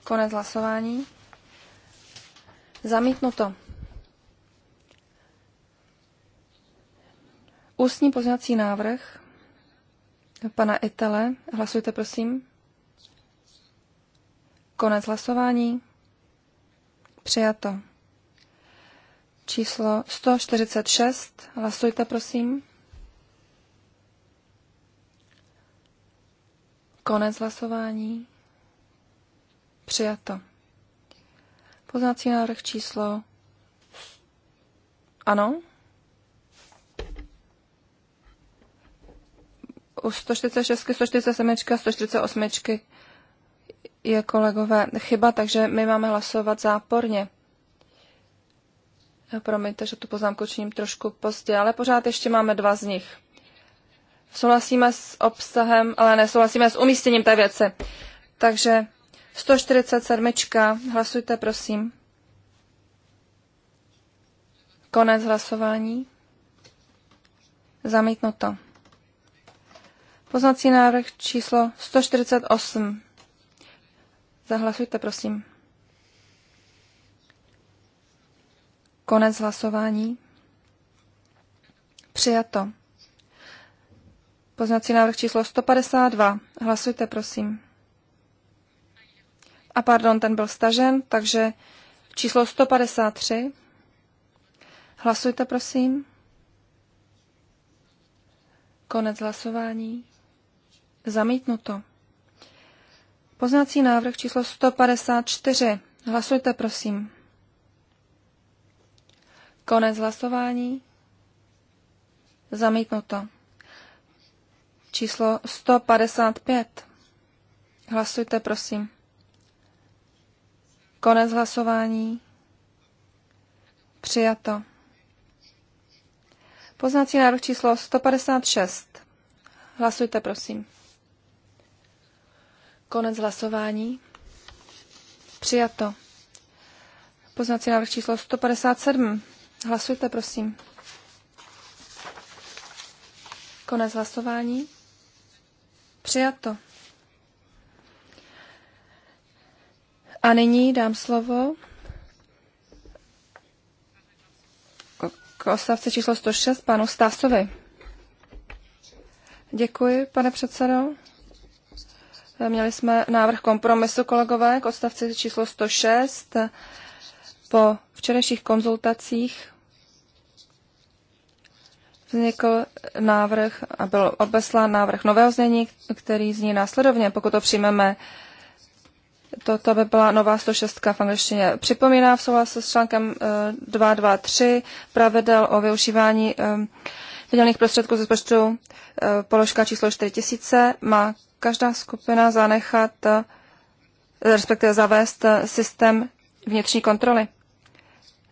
Konec hlasování. Zamítnuto. Ústní pozměňovací návrh pana Itele. Hlasujte, prosím. Konec hlasování. Přijato. Číslo 146. Hlasujte, prosím. Konec hlasování. Přijato. Poznací návrh číslo. Ano, u 146, 147, 148 je kolegové chyba, takže my máme hlasovat záporně. Promiňte, že tu poznámku činím trošku pozdě, ale pořád ještě máme dva z nich. Souhlasíme s obsahem, ale nesouhlasíme s umístěním té věce. Takže 147. Hlasujte, prosím. Konec hlasování. Zamítnuto. Poznací návrh číslo 148. Zahlasujte, prosím. Konec hlasování. Přijato. Poznací návrh číslo 152. Hlasujte, prosím. A pardon, ten byl stažen, takže číslo 153. Hlasujte, prosím. Konec hlasování. Zamítnuto. Poznací návrh číslo 154. Hlasujte, prosím. Konec hlasování. Zamítnuto. Číslo 155. Hlasujte, prosím. Konec hlasování. Přijato. Poznací návrh číslo 156. Hlasujte, prosím. Konec hlasování. Přijato. Poznací návrh číslo 157. Hlasujte, prosím. Konec hlasování. Přijato. A nyní dám slovo k odstavci číslo 106 panu Stásovi. Děkuji, pane předsedo. Měli jsme návrh kompromisu, kolegové, k odstavci číslo 106. Po včerejších konzultacích vznikl návrh a byl obeslán návrh nového znění, který zní následovně, pokud to přijmeme, Toto by byla nová 106 v angličtině. Připomíná v souhlasu s článkem 223 eh, pravidel o využívání eh, vydělných prostředků z rozpočtu eh, položka číslo 4000 má každá skupina zanechat, eh, respektive zavést eh, systém vnitřní kontroly.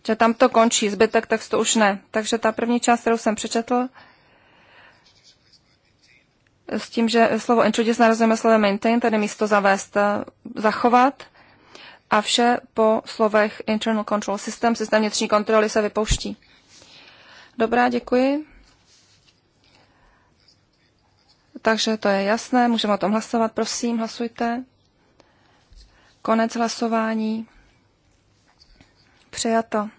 Že tam to končí, zbytek textu už ne. Takže ta první část, kterou jsem přečetl, s tím, že slovo introduce narazujeme slovem maintain, tedy místo zavést, zachovat, a vše po slovech internal control system, systém vnitřní kontroly se vypouští. Dobrá, děkuji. Takže to je jasné, můžeme o tom hlasovat. Prosím, hlasujte. Konec hlasování. Přijato.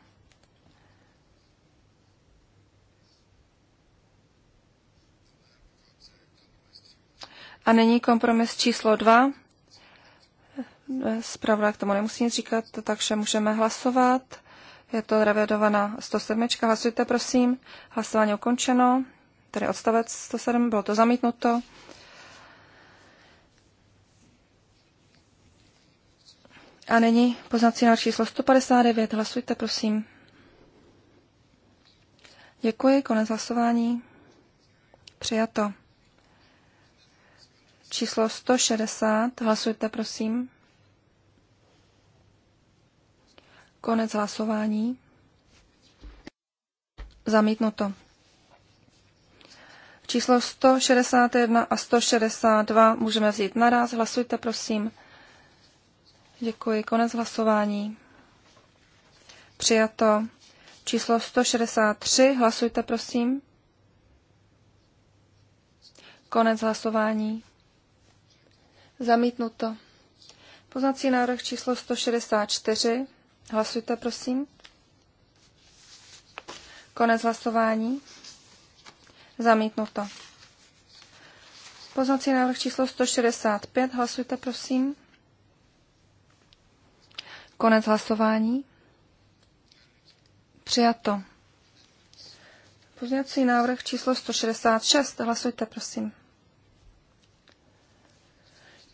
A není kompromis číslo dva. Zpravodaj k tomu nemusí nic říkat, takže můžeme hlasovat. Je to revidovaná 107. Hlasujte, prosím. Hlasování ukončeno tedy odstavec 107, bylo to zamítnuto. A nyní poznací na číslo 159. Hlasujte, prosím. Děkuji, konec hlasování. Přijato. Číslo 160. Hlasujte, prosím. Konec hlasování. Zamítnuto. Číslo 161 a 162 můžeme vzít naraz. Hlasujte, prosím. Děkuji. Konec hlasování. Přijato. Číslo 163. Hlasujte, prosím. Konec hlasování. Zamítnuto. Poznací návrh číslo 164. Hlasujte, prosím. Konec hlasování. Zamítnuto. Poznací návrh číslo 165. Hlasujte, prosím. Konec hlasování. Přijato. Poznací návrh číslo 166. Hlasujte, prosím.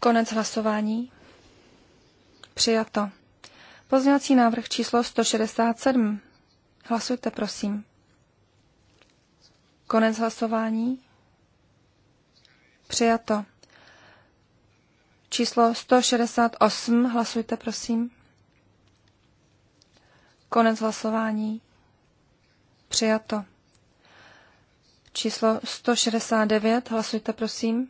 Konec hlasování. Přijato. Poznací návrh číslo 167. Hlasujte, prosím. Konec hlasování. Přijato. Číslo 168. Hlasujte, prosím. Konec hlasování. Přijato. Číslo 169. Hlasujte, prosím.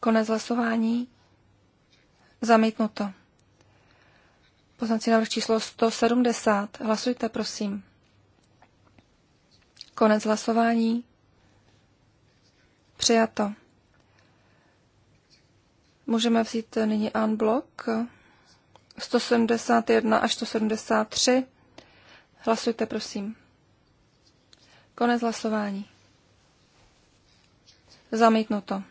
Konec hlasování. Zamítnuto. Poznací návrh číslo 170. Hlasujte, prosím. Konec hlasování. Přijato. Můžeme vzít nyní unblock 171 až 173. Hlasujte, prosím. Konec hlasování. Zamítnuto.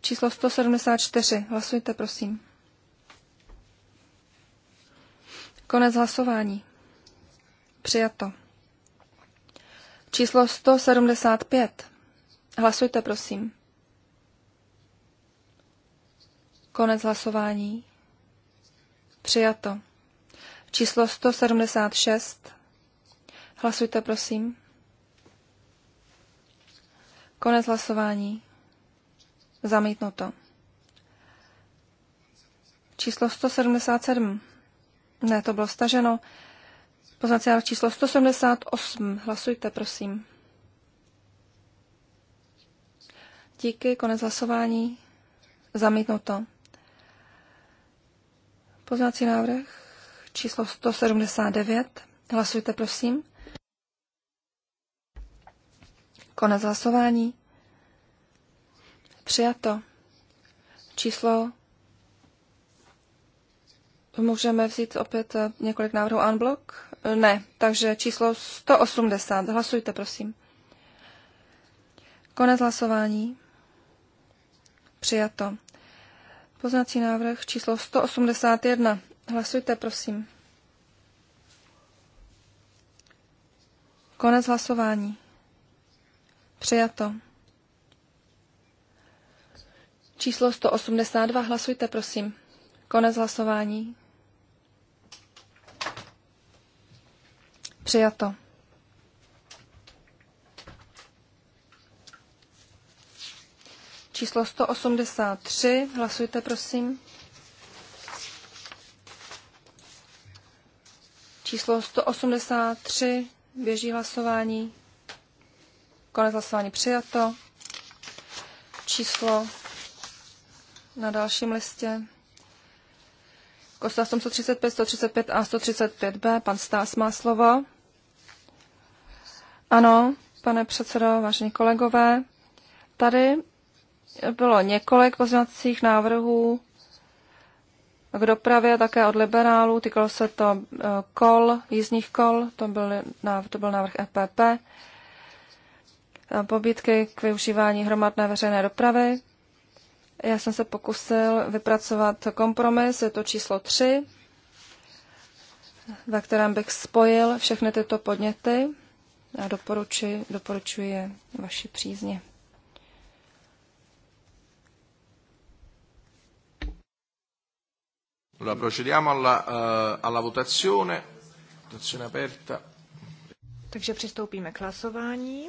Číslo 174. Hlasujte, prosím. Konec hlasování. Přijato. Číslo 175. Hlasujte, prosím. Konec hlasování. Přijato. Číslo 176. Hlasujte, prosím. Konec hlasování. Zamítnuto. Číslo 177. Ne, to bylo staženo. Poznací návrh číslo 178. Hlasujte, prosím. Díky, konec hlasování. Zamítnuto. Poznací návrh číslo 179. Hlasujte, prosím. Konec hlasování. Přijato. Číslo můžeme vzít opět několik návrhů unblock ne. Takže číslo 180. Hlasujte, prosím. Konec hlasování. Přijato. Poznací návrh číslo 181. Hlasujte, prosím. Konec hlasování. Přijato. Číslo 182. Hlasujte, prosím. Konec hlasování. Přijato. Číslo 183. Hlasujte, prosím. Číslo 183. Běží hlasování. Konec hlasování přijato. Číslo na dalším listě Kosta 135, 135 a 135b. Pan Stás má slovo. Ano, pane předsedo, vážení kolegové, tady bylo několik pozměňovacích návrhů k dopravě, také od liberálů. Týkalo se to eh, kol, jízdních kol, to byl, to byl návrh EPP. Eh, pobídky k využívání hromadné veřejné dopravy, já jsem se pokusil vypracovat kompromis, je to číslo 3, ve kterém bych spojil všechny tyto podněty a doporučuji, doporučuji je vaši přízně. Allora, procediamo alla, uh, alla votazione. Votazione aperta. Takže přistoupíme k hlasování.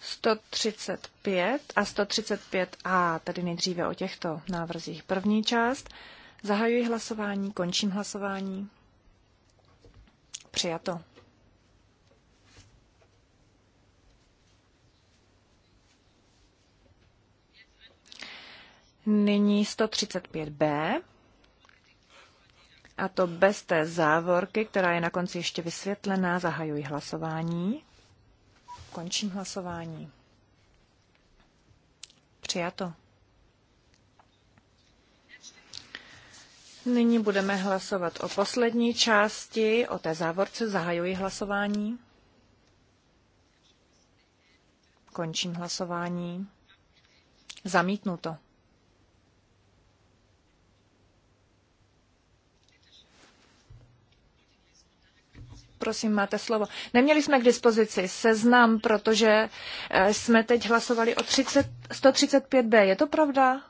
135 a 135a, tedy nejdříve o těchto návrzích. První část. Zahajuji hlasování, končím hlasování. Přijato. Nyní 135b. A to bez té závorky, která je na konci ještě vysvětlená, zahajuji hlasování. Končím hlasování. Přijato. Nyní budeme hlasovat o poslední části, o té závorce. Zahajuji hlasování. Končím hlasování. Zamítnuto. Prosím, máte slovo. Neměli jsme k dispozici seznam, protože eh, jsme teď hlasovali o 30, 135b. Je to pravda?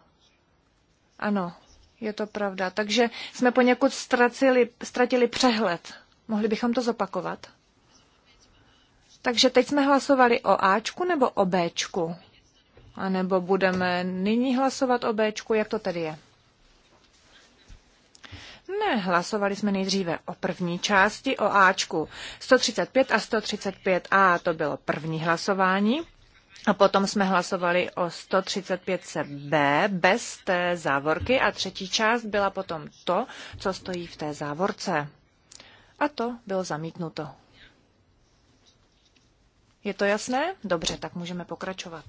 Ano, je to pravda. Takže jsme poněkud ztratili, ztratili přehled. Mohli bychom to zopakovat? Takže teď jsme hlasovali o Ačku nebo o Bčku? A nebo budeme nyní hlasovat o Bčku? Jak to tedy je? Ne, hlasovali jsme nejdříve o první části, o Ačku. 135 a 135A to bylo první hlasování. A potom jsme hlasovali o 135B bez té závorky a třetí část byla potom to, co stojí v té závorce. A to bylo zamítnuto. Je to jasné? Dobře, tak můžeme pokračovat.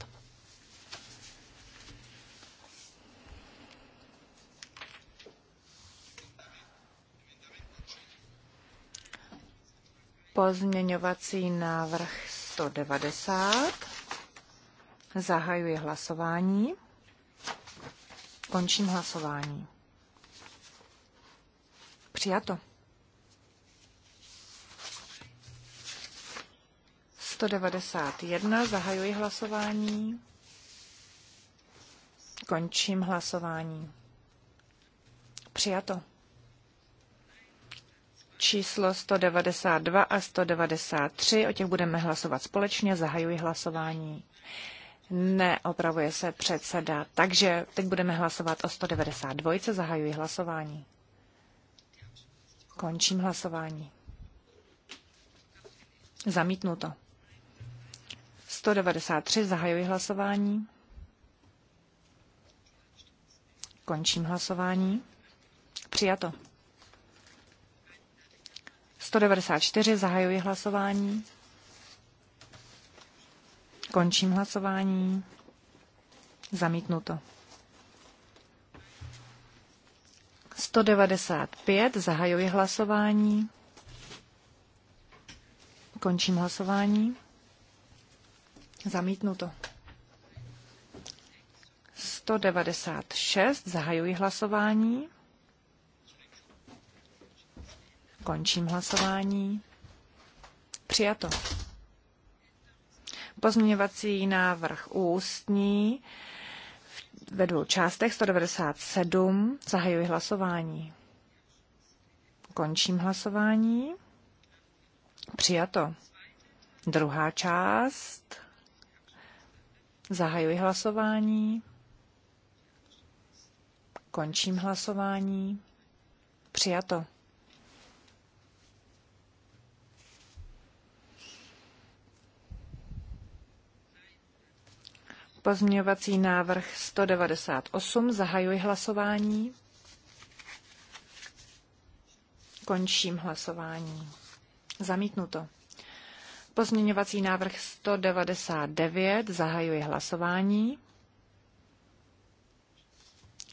Pozměňovací návrh 190. Zahajuji hlasování. Končím hlasování. Přijato. 191. Zahajuji hlasování. Končím hlasování. Přijato číslo 192 a 193. O těch budeme hlasovat společně. Zahajuji hlasování. Neopravuje se předseda. Takže teď budeme hlasovat o 192. Zahajuji hlasování. Končím hlasování. Zamítnuto. 193. Zahajuji hlasování. Končím hlasování. Přijato. 194 zahajuji hlasování. Končím hlasování. Zamítnuto. 195 zahajuji hlasování. Končím hlasování. Zamítnuto. 196 zahajuji hlasování. Končím hlasování. Přijato. Pozměňovací návrh ústní ve dvou částech 197. Zahajuji hlasování. Končím hlasování. Přijato. Druhá část. Zahajuji hlasování. Končím hlasování. Přijato. Pozměňovací návrh 198. Zahajuji hlasování. Končím hlasování. Zamítnuto. Pozměňovací návrh 199. Zahajuji hlasování.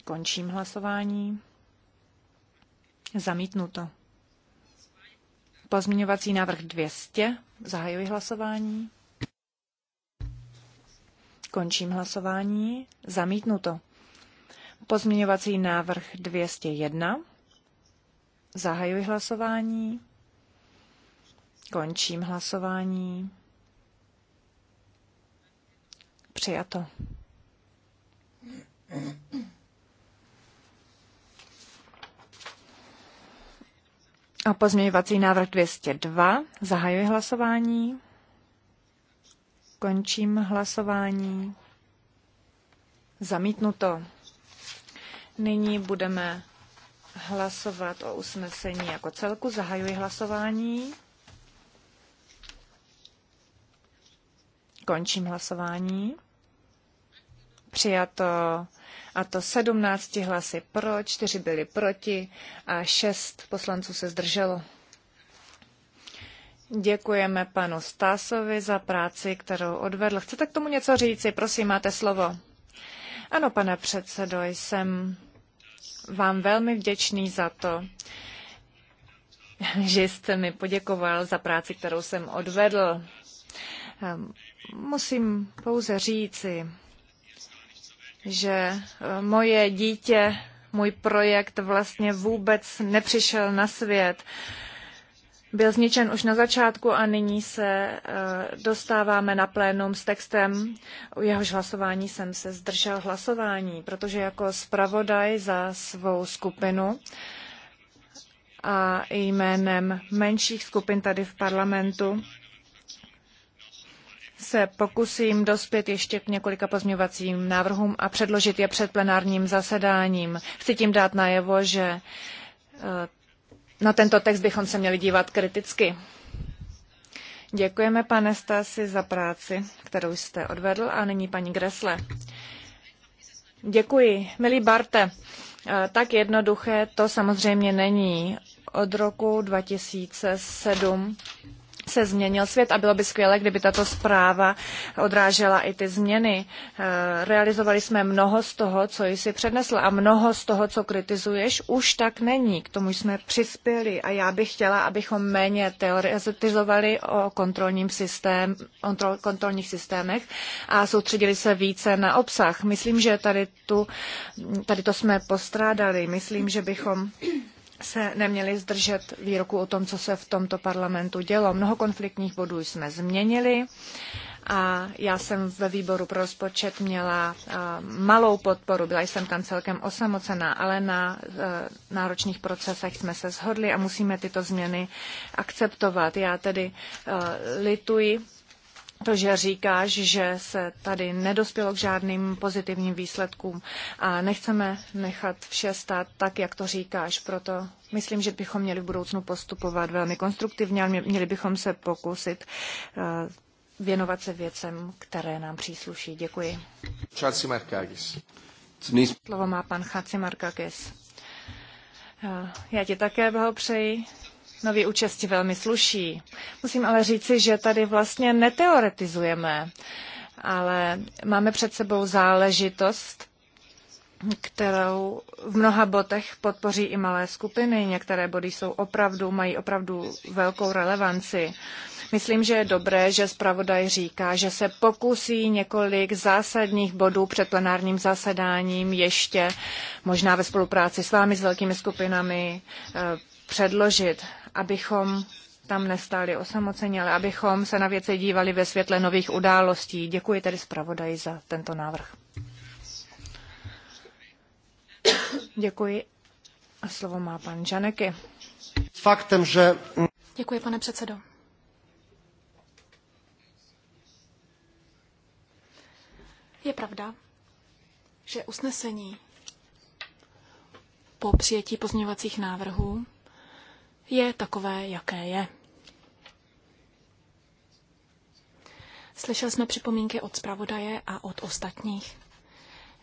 Končím hlasování. Zamítnuto. Pozměňovací návrh 200. Zahajuji hlasování. Končím hlasování. Zamítnuto. Pozměňovací návrh 201. Zahajuji hlasování. Končím hlasování. Přijato. A pozměňovací návrh 202. Zahajuji hlasování. Končím hlasování. Zamítnuto. Nyní budeme hlasovat o usnesení jako celku. Zahajuji hlasování. Končím hlasování. Přijato a to 17 hlasy pro, 4 byli proti a 6 poslanců se zdrželo. Děkujeme panu Stásovi za práci, kterou odvedl. Chcete k tomu něco říci? Prosím, máte slovo. Ano, pane předsedo, jsem vám velmi vděčný za to, že jste mi poděkoval za práci, kterou jsem odvedl. Ehm, musím pouze říci, že eh, moje dítě, můj projekt vlastně vůbec nepřišel na svět byl zničen už na začátku a nyní se eh, dostáváme na plénum s textem. U jehož hlasování jsem se zdržel hlasování, protože jako zpravodaj za svou skupinu a jménem menších skupin tady v parlamentu se pokusím dospět ještě k několika pozměňovacím návrhům a předložit je před plenárním zasedáním. Chci tím dát najevo, že eh, na tento text bychom se měli dívat kriticky. Děkujeme, pane Stasi, za práci, kterou jste odvedl a nyní paní Gresle. Děkuji. Milý Barte, eh, tak jednoduché to samozřejmě není. Od roku 2007 se změnil svět a bylo by skvělé, kdyby tato zpráva odrážela i ty změny. Eh, realizovali jsme mnoho z toho, co jsi přednesl a mnoho z toho, co kritizuješ, už tak není. K tomu jsme přispěli a já bych chtěla, abychom méně teoretizovali o kontrolním systém, kontrol, kontrolních systémech a soustředili se více na obsah. Myslím, že tady, tu, tady to jsme postrádali. Myslím, že bychom se neměli zdržet výroku o tom, co se v tomto parlamentu dělo. Mnoho konfliktních bodů jsme změnili a já jsem ve výboru pro rozpočet měla eh, malou podporu, byla jsem tam celkem osamocená, ale na eh, náročných procesech jsme se shodli a musíme tyto změny akceptovat. Já tedy eh, lituji to, že říkáš, že se tady nedospělo k žádným pozitivním výsledkům a nechceme nechat vše stát tak, jak to říkáš. Proto myslím, že bychom měli v budoucnu postupovat velmi konstruktivně a měli bychom se pokusit eh, věnovat se věcem, které nám přísluší. Děkuji. Slovo má pan Markakis. Eh, já ti také blahopřeji nový účasti velmi sluší. Musím ale říci, že tady vlastně neteoretizujeme, ale máme před sebou záležitost, kterou v mnoha botech podpoří i malé skupiny. Některé body jsou opravdu, mají opravdu velkou relevanci. Myslím, že je dobré, že zpravodaj říká, že se pokusí několik zásadních bodů před plenárním zasedáním ještě možná ve spolupráci s vámi, s velkými skupinami eh, předložit abychom tam nestáli osamoceně, ale abychom se na věci dívali ve světle nových událostí. Děkuji tedy zpravodaji za tento návrh. Děkuji. A slovo má pan Žaneky. Faktem, že... Děkuji, pane předsedo. Je pravda, že usnesení po přijetí pozměňovacích návrhů je takové, jaké je. Slyšeli jsme připomínky od zpravodaje a od ostatních.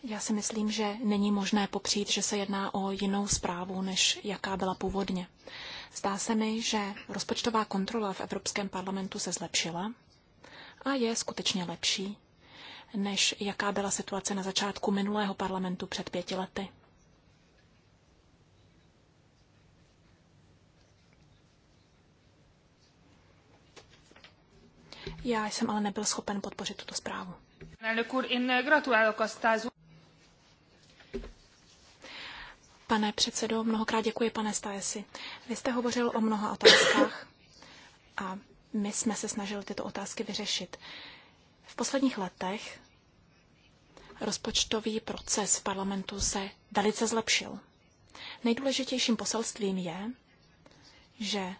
Já si myslím, že není možné popřít, že se jedná o jinou zprávu, než jaká byla původně. Zdá se mi, že rozpočtová kontrola v Evropském parlamentu se zlepšila a je skutečně lepší, než jaká byla situace na začátku minulého parlamentu před pěti lety. Já jsem ale nebyl schopen podpořit tuto zprávu. Eh, pane předsedo, mnohokrát děkuji, pane Stajesi. Vy jste hovořil o mnoha otázkách a my jsme se snažili tyto otázky vyřešit. V posledních letech rozpočtový proces v parlamentu se velice zlepšil. Nejdůležitějším poselstvím je, že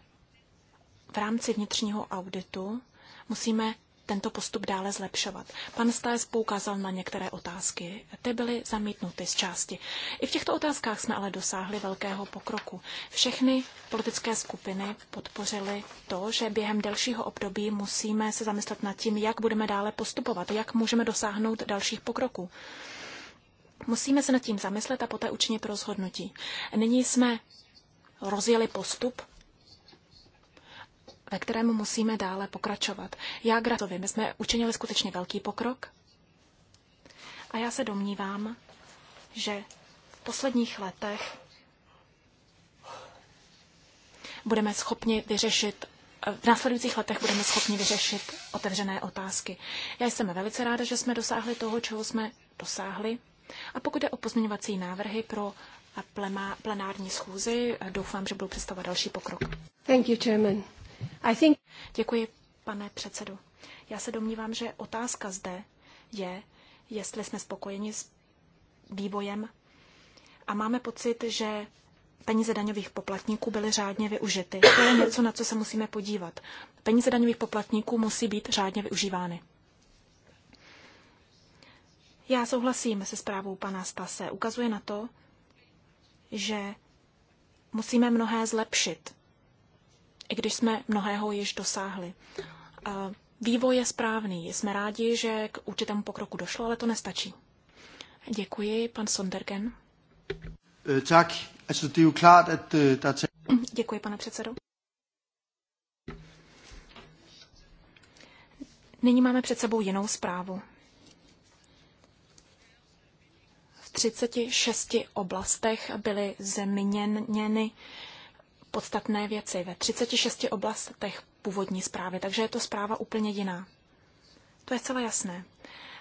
v rámci vnitřního auditu Musíme tento postup dále zlepšovat. Pan Stajs poukázal na některé otázky. Ty byly zamítnuty z části. I v těchto otázkách jsme ale dosáhli velkého pokroku. Všechny politické skupiny podpořily to, že během delšího období musíme se zamyslet nad tím, jak budeme dále postupovat, jak můžeme dosáhnout dalších pokroků. Musíme se nad tím zamyslet a poté učinit rozhodnutí. Nyní jsme rozjeli postup ve kterém musíme dále pokračovat. Já gratuji, my jsme učinili skutečně velký pokrok a já se domnívám, že v posledních letech budeme schopni vyřešit v následujících letech budeme schopni vyřešit otevřené otázky. Já jsem velice ráda, že jsme dosáhli toho, čeho jsme dosáhli. A pokud je o pozměňovací návrhy pro plenární schůzi, doufám, že budou představovat další pokrok. Thank you, Chairman. Děkuji, pane předsedu. Já se domnívám, že otázka zde je, jestli jsme spokojeni s vývojem a máme pocit, že peníze daňových poplatníků byly řádně využity. To je něco, na co se musíme podívat. Peníze daňových poplatníků musí být řádně využívány. Já souhlasím se zprávou pana Stase. Ukazuje na to, že musíme mnohé zlepšit i když jsme mnohého již dosáhli. Vývoj je správný. Jsme rádi, že k určitému pokroku došlo, ale to nestačí. Děkuji, pan Sondergen. Øh, tak, altså er je klart, at øh, der er Děkuji, pane předsedo. Nyní máme před sebou jinou zprávu. V 36 oblastech byly zeměněny podstatné věci ve 36 oblastech původní zprávy, takže je to zpráva úplně jiná. To je celé jasné.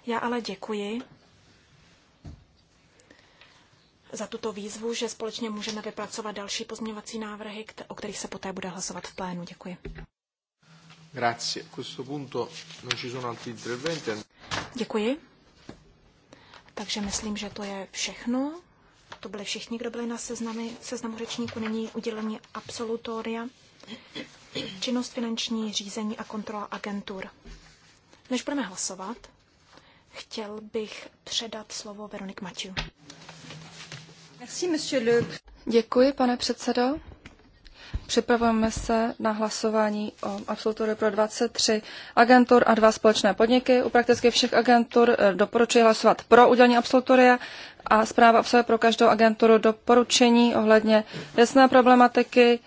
Já ale děkuji za tuto výzvu, že společně můžeme vypracovat další pozměňovací návrhy, o kterých se poté bude hlasovat v plénu. Děkuji. Grazie. questo punto non ci sono altri interventi. Děkuji. Takže myslím, že to je všechno to byli všichni, kdo byli na seznamy, seznamu řečníku, nyní udělení absolutoria, činnost finanční, řízení a kontrola agentur. Než budeme hlasovat, chtěl bych předat slovo Veronik Matiu. Děkuji, pane předsedo. Připravujeme se na hlasování o absolutory pro 23 agentur a dva společné podniky. U prakticky všech agentur eh, doporučuji hlasovat pro udělení absolutoria a zpráva obsahuje pro každou agenturu doporučení ohledně věcné problematiky,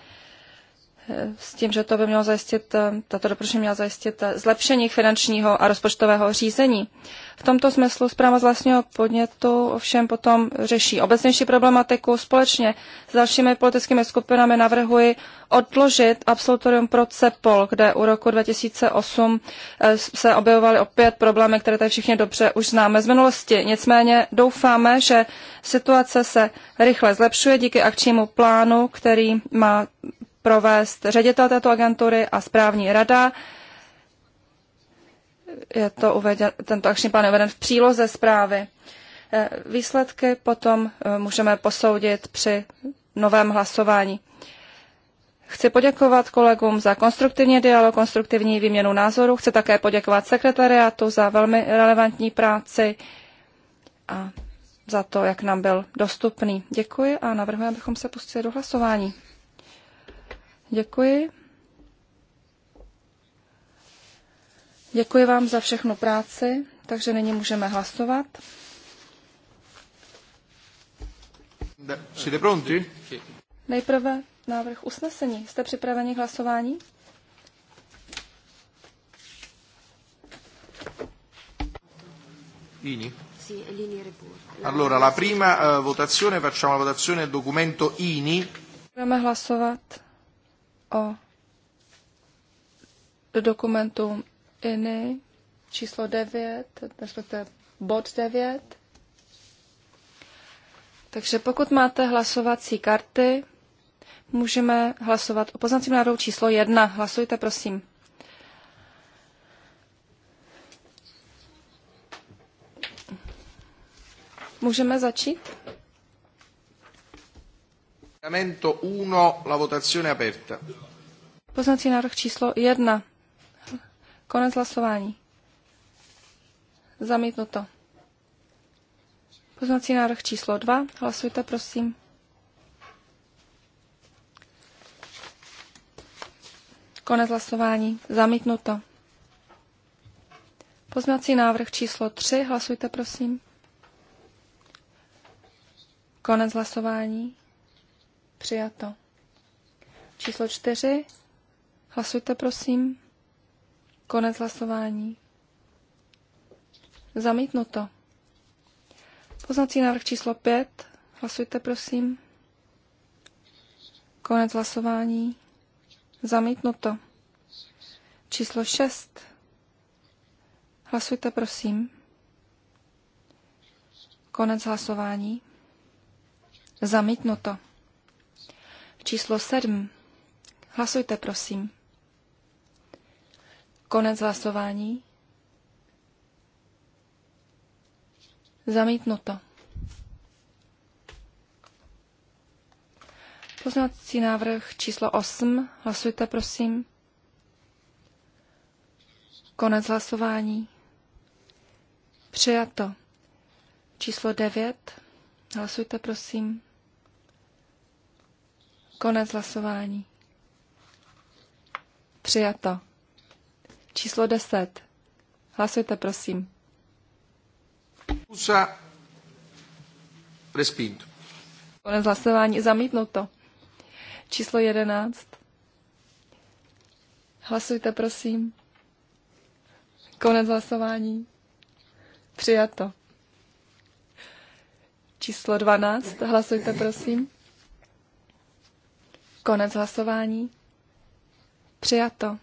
Eh, s tím, že to by mělo zajistit, eh, tato doporučení měla zajistit eh, zlepšení finančního a rozpočtového řízení. V tomto smyslu zpráva z vlastního podnětu ovšem potom řeší obecnější problematiku. Společně s dalšími politickými skupinami navrhuji odložit absolutorium pro CEPOL, kde u roku 2008 se objevovaly opět problémy, které tady všichni dobře už známe z minulosti. Nicméně doufáme, že situace se rychle zlepšuje díky akčnímu plánu, který má provést ředitel této agentury a správní rada. Je to uveden, tento akční plán je uveden v příloze zprávy. Eh, výsledky potom eh, můžeme posoudit při novém hlasování. Chci poděkovat kolegům za konstruktivní dialog, konstruktivní výměnu názorů. Chci také poděkovat sekretariátu za velmi relevantní práci a za to, jak nám byl dostupný. Děkuji a navrhuji, abychom se pustili do hlasování. Děkuji. Děkuji vám za všechnu práci, takže nyní můžeme hlasovat. Nejprve návrh usnesení. Jste připraveni k hlasování? Ini. Allora, la prima uh, votazione, facciamo la votazione del documento INI. Dobbiamo hlasovat o dokumentu INI číslo 9, respektive bod 9. Takže pokud máte hlasovací karty, můžeme hlasovat o poznacím návrhu číslo 1. Hlasujte, prosím. Můžeme začít? Emendamento 1, la votazione aperta. Poznací návrh číslo 1. Konec hlasování. Zamítnuto. Poznací návrh číslo 2. Hlasujte, prosím. Konec hlasování. Zamítnuto. Poznací návrh číslo 3. Hlasujte, prosím. Konec hlasování. Přijato. Číslo čtyři. Hlasujte, prosím. Konec hlasování. Zamítnuto. Poznací návrh číslo pět. Hlasujte, prosím. Konec hlasování. Zamítnuto. Číslo šest. Hlasujte, prosím. Konec hlasování. Zamítnuto číslo 7. Hlasujte, prosím. Konec hlasování. Zamítnuto. Poznací návrh číslo 8. Hlasujte, prosím. Konec hlasování. Přijato. Číslo 9. Hlasujte, prosím. Konec hlasování. Přijato. Číslo 10. Hlasujte, prosím. Usa. Respinto. Konec hlasování. Zamítnuto. Číslo 11. Hlasujte, prosím. Konec hlasování. Přijato. Číslo 12. Hlasujte, prosím. Konec hlasování. Přijato.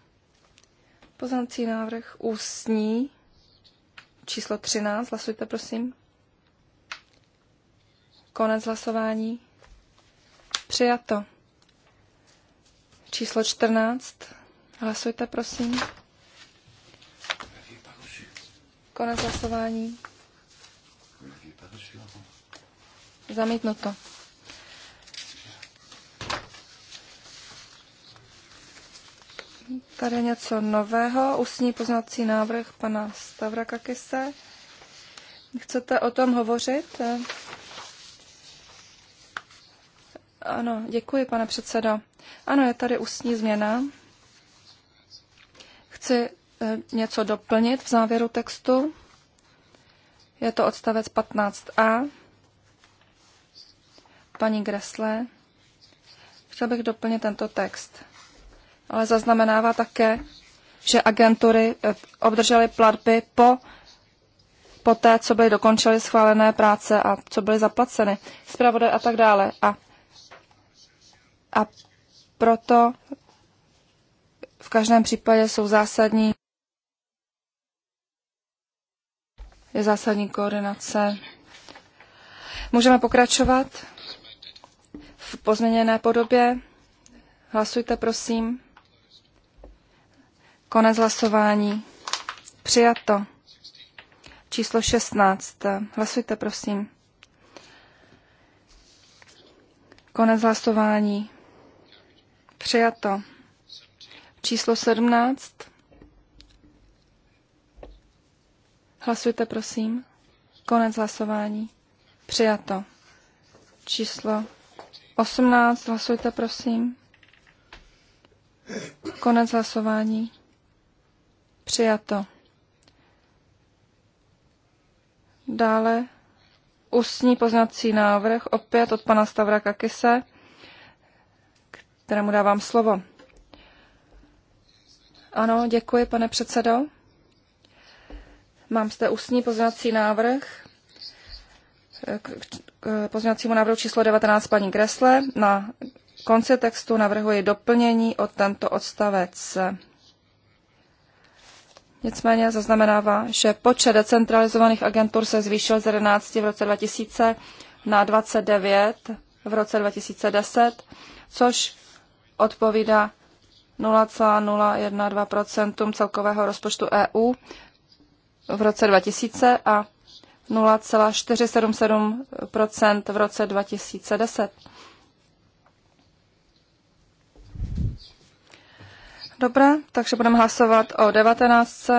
Poznací návrh ústní číslo 13. Hlasujte, prosím. Konec hlasování. Přijato. Číslo 14. Hlasujte, prosím. Konec hlasování. Zamítnuto. tady něco nového, ústní poznací návrh pana Stavra Kakise. Chcete o tom hovořit? Ano, děkuji, pane předsedo. Ano, je tady ústní změna. Chci eh, něco doplnit v závěru textu. Je to odstavec 15a. Paní Gresle, chtěl bych doplnit tento text ale zaznamenává také, že agentury eh, obdržely platby po, po té, co byly dokončily schválené práce a co byly zaplaceny, zpravodaj a tak dále. A, a proto v každém případě jsou zásadní je zásadní koordinace. Můžeme pokračovat v pozměněné podobě. Hlasujte, prosím. Konec hlasování. Přijato. Číslo 16. Hlasujte, prosím. Konec hlasování. Přijato. Číslo 17. Hlasujte, prosím. Konec hlasování. Přijato. Číslo 18. Hlasujte, prosím. Konec hlasování. Přijato. Dále ústní poznací návrh, opět od pana Stavra Kakise, kterému dávám slovo. Ano, děkuji, pane předsedo. Mám zde ústní poznací návrh k, poznacímu návrhu číslo 19 paní Gresle. Na konci textu navrhuji doplnění o tento odstavec. Nicméně zaznamenává, že počet decentralizovaných agentur se zvýšil z 11 v roce 2000 na 29 v roce 2010, což odpovídá 0,012 celkového rozpočtu EU v roce 2000 a 0,477 v roce 2010. Dobré, takže budeme hlasovat o 19.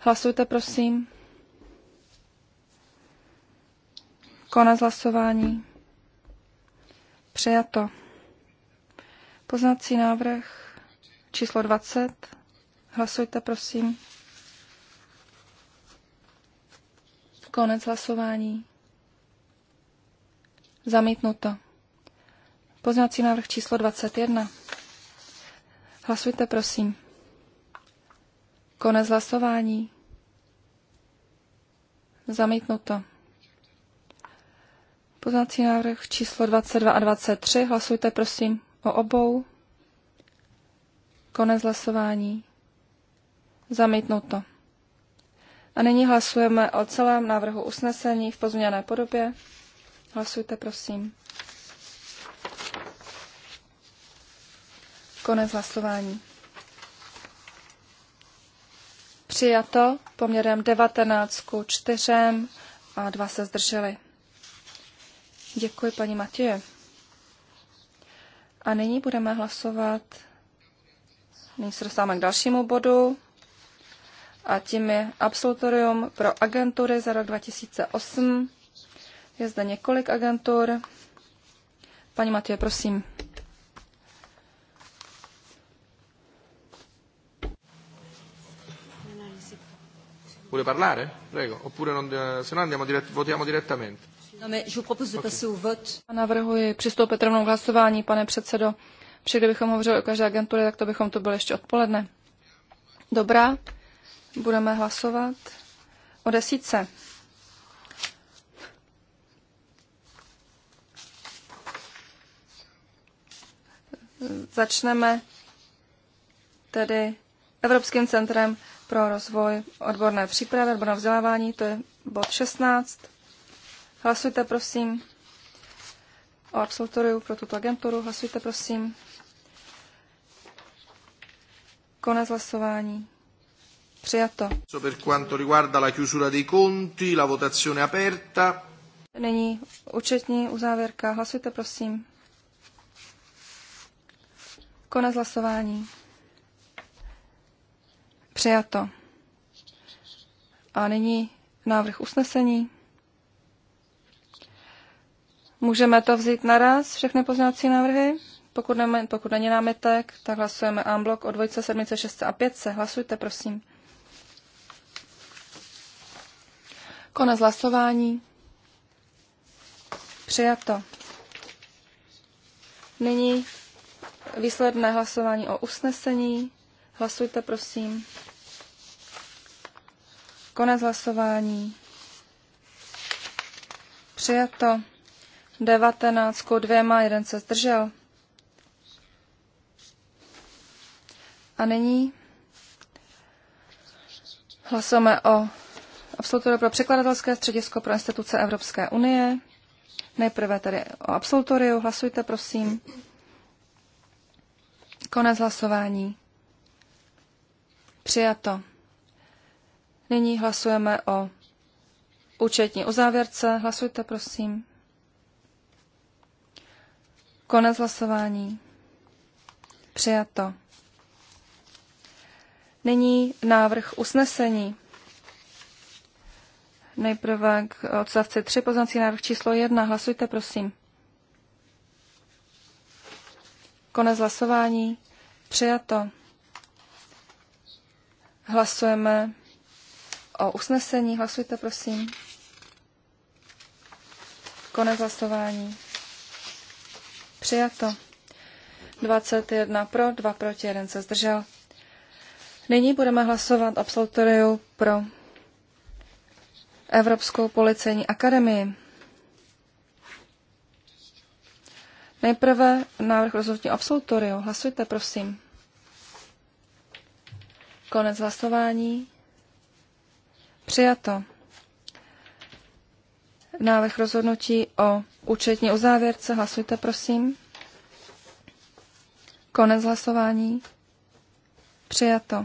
Hlasujte, prosím. Konec hlasování. Přijato. Poznací návrh číslo 20. Hlasujte, prosím. Konec hlasování. Zamítnuto. Poznací návrh číslo 21. Hlasujte, prosím. Konec hlasování. Zamítnuto. Poznací návrh číslo 22 a 23. Hlasujte, prosím, o obou. Konec hlasování. Zamítnuto. A nyní hlasujeme o celém návrhu usnesení v pozměněné podobě. Hlasujte, prosím. Konec hlasování. Přijato poměrem 19 ku 4 a dva se zdrželi. Děkuji, paní Matěje. A nyní budeme hlasovat. Nyní se dostáváme k dalšímu bodu. A tím je absolutorium pro agentury za rok 2008. Je zde několik agentur. Paní Matěje, prosím. Vuole parlare? Prego. Oppure non, eh, se no andiamo dirett, votiamo direttamente. No, navrhuji přistoupit rovnou k hlasování, pane předsedo. Protože kdybychom hovořili o každé agentury, tak to bychom to byli ještě odpoledne. Dobrá, budeme hlasovat o desíce. Začneme tedy Evropským centrem pro rozvoj odborné přípravy, odborného vzdělávání, to je bod 16. Hlasujte prosím o absolutoriu pro tuto agenturu. Hlasujte prosím. Konec hlasování. Přijato. Per quanto riguarda la chiusura dei conti, la votazione aperta. Nyní účetní uzávěrka. Hlasujte prosím. Konec hlasování. Přijato. A nyní návrh usnesení. Můžeme to vzít naraz, všechny poznávací návrhy? Pokud, ne, pokud není námitek, tak hlasujeme unblock o dvojce, sedmice, šestce a pětce. Hlasujte, prosím. Konec hlasování. Přijato. Nyní výsledné hlasování o usnesení. Hlasujte, prosím. Konec hlasování. Přijato. 19 ku 2, 1 se zdržel. A nyní hlasujeme o absolutoriu pro překladatelské středisko pro instituce Evropské unie. Nejprve tedy o absolutoriu. Hlasujte, prosím. Konec hlasování. Přijato. Nyní hlasujeme o účetní uzávěrce. Hlasujte, prosím. Konec hlasování. Přijato. Nyní návrh usnesení. Nejprve k odstavci 3, poznací návrh číslo 1. Hlasujte, prosím. Konec hlasování. Přijato. Hlasujeme o usnesení. Hlasujte, prosím. Konec hlasování. Přijato. 21 pro, 2 proti, 1 se zdržel. Nyní budeme hlasovat absolutoriu pro Evropskou policejní akademii. Nejprve návrh rozhodnutí absolutoriu. Hlasujte, prosím. Konec hlasování. Přijato. Návrh rozhodnutí o účetní uzávěrce. Hlasujte, prosím. Konec hlasování. Přijato.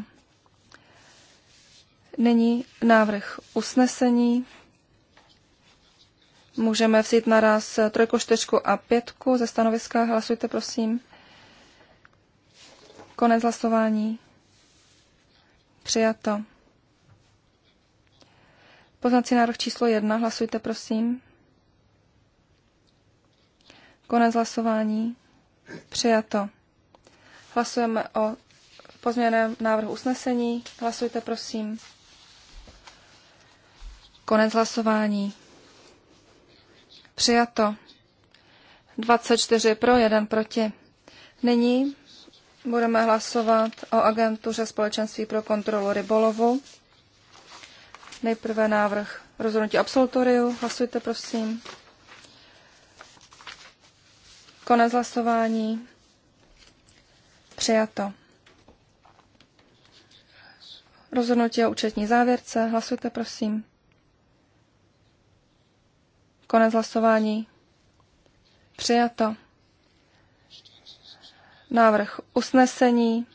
Nyní návrh usnesení. Můžeme vzít naraz trojku, čtyřku a pětku ze stanoviska. Hlasujte, prosím. Konec hlasování. Přijato. Poznací nárok číslo jedna. Hlasujte, prosím. Konec hlasování. Přijato. Hlasujeme o pozměněném návrhu usnesení. Hlasujte, prosím. Konec hlasování. Přijato. 24 pro, 1 proti. Nyní budeme hlasovat o agentuře Společenství pro kontrolu rybolovu. Nejprve návrh rozhodnutí absolutoriu. Hlasujte, prosím. Konec hlasování. Přijato. Rozhodnutí o účetní závěrce. Hlasujte, prosím. Konec hlasování. Přijato. Návrh usnesení.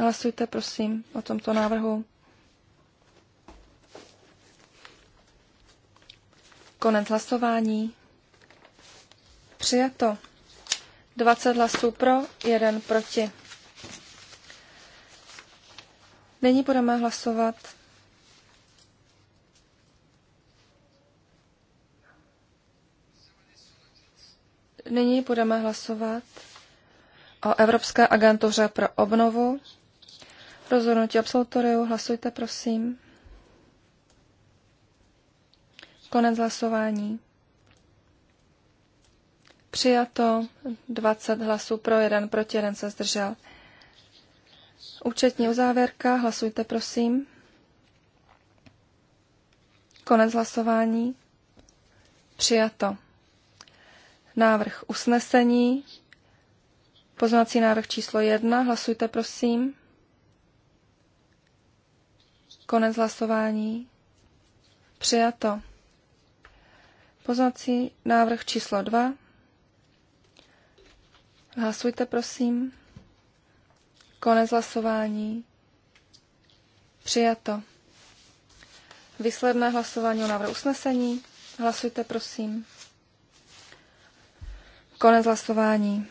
Hlasujte, prosím, o tomto návrhu. Konec hlasování. Přijato. 20 hlasů pro, 1 proti. Nyní budeme hlasovat Nyní budeme hlasovat o Evropské agentuře pro obnovu. Rozhodnutí absolutoriu hlasujte, prosím. Konec hlasování. Přijato 20 hlasů pro, 1 proti, 1 se zdržel. Účetní uzávěrka, hlasujte prosím. Konec hlasování. Přijato. Návrh usnesení. Poznací návrh číslo 1. Hlasujte prosím. Konec hlasování. Přijato. Poznací návrh číslo 2. Hlasujte, prosím. Konec hlasování. Přijato. Výsledné hlasování o návrhu usnesení. Hlasujte, prosím. Konec hlasování.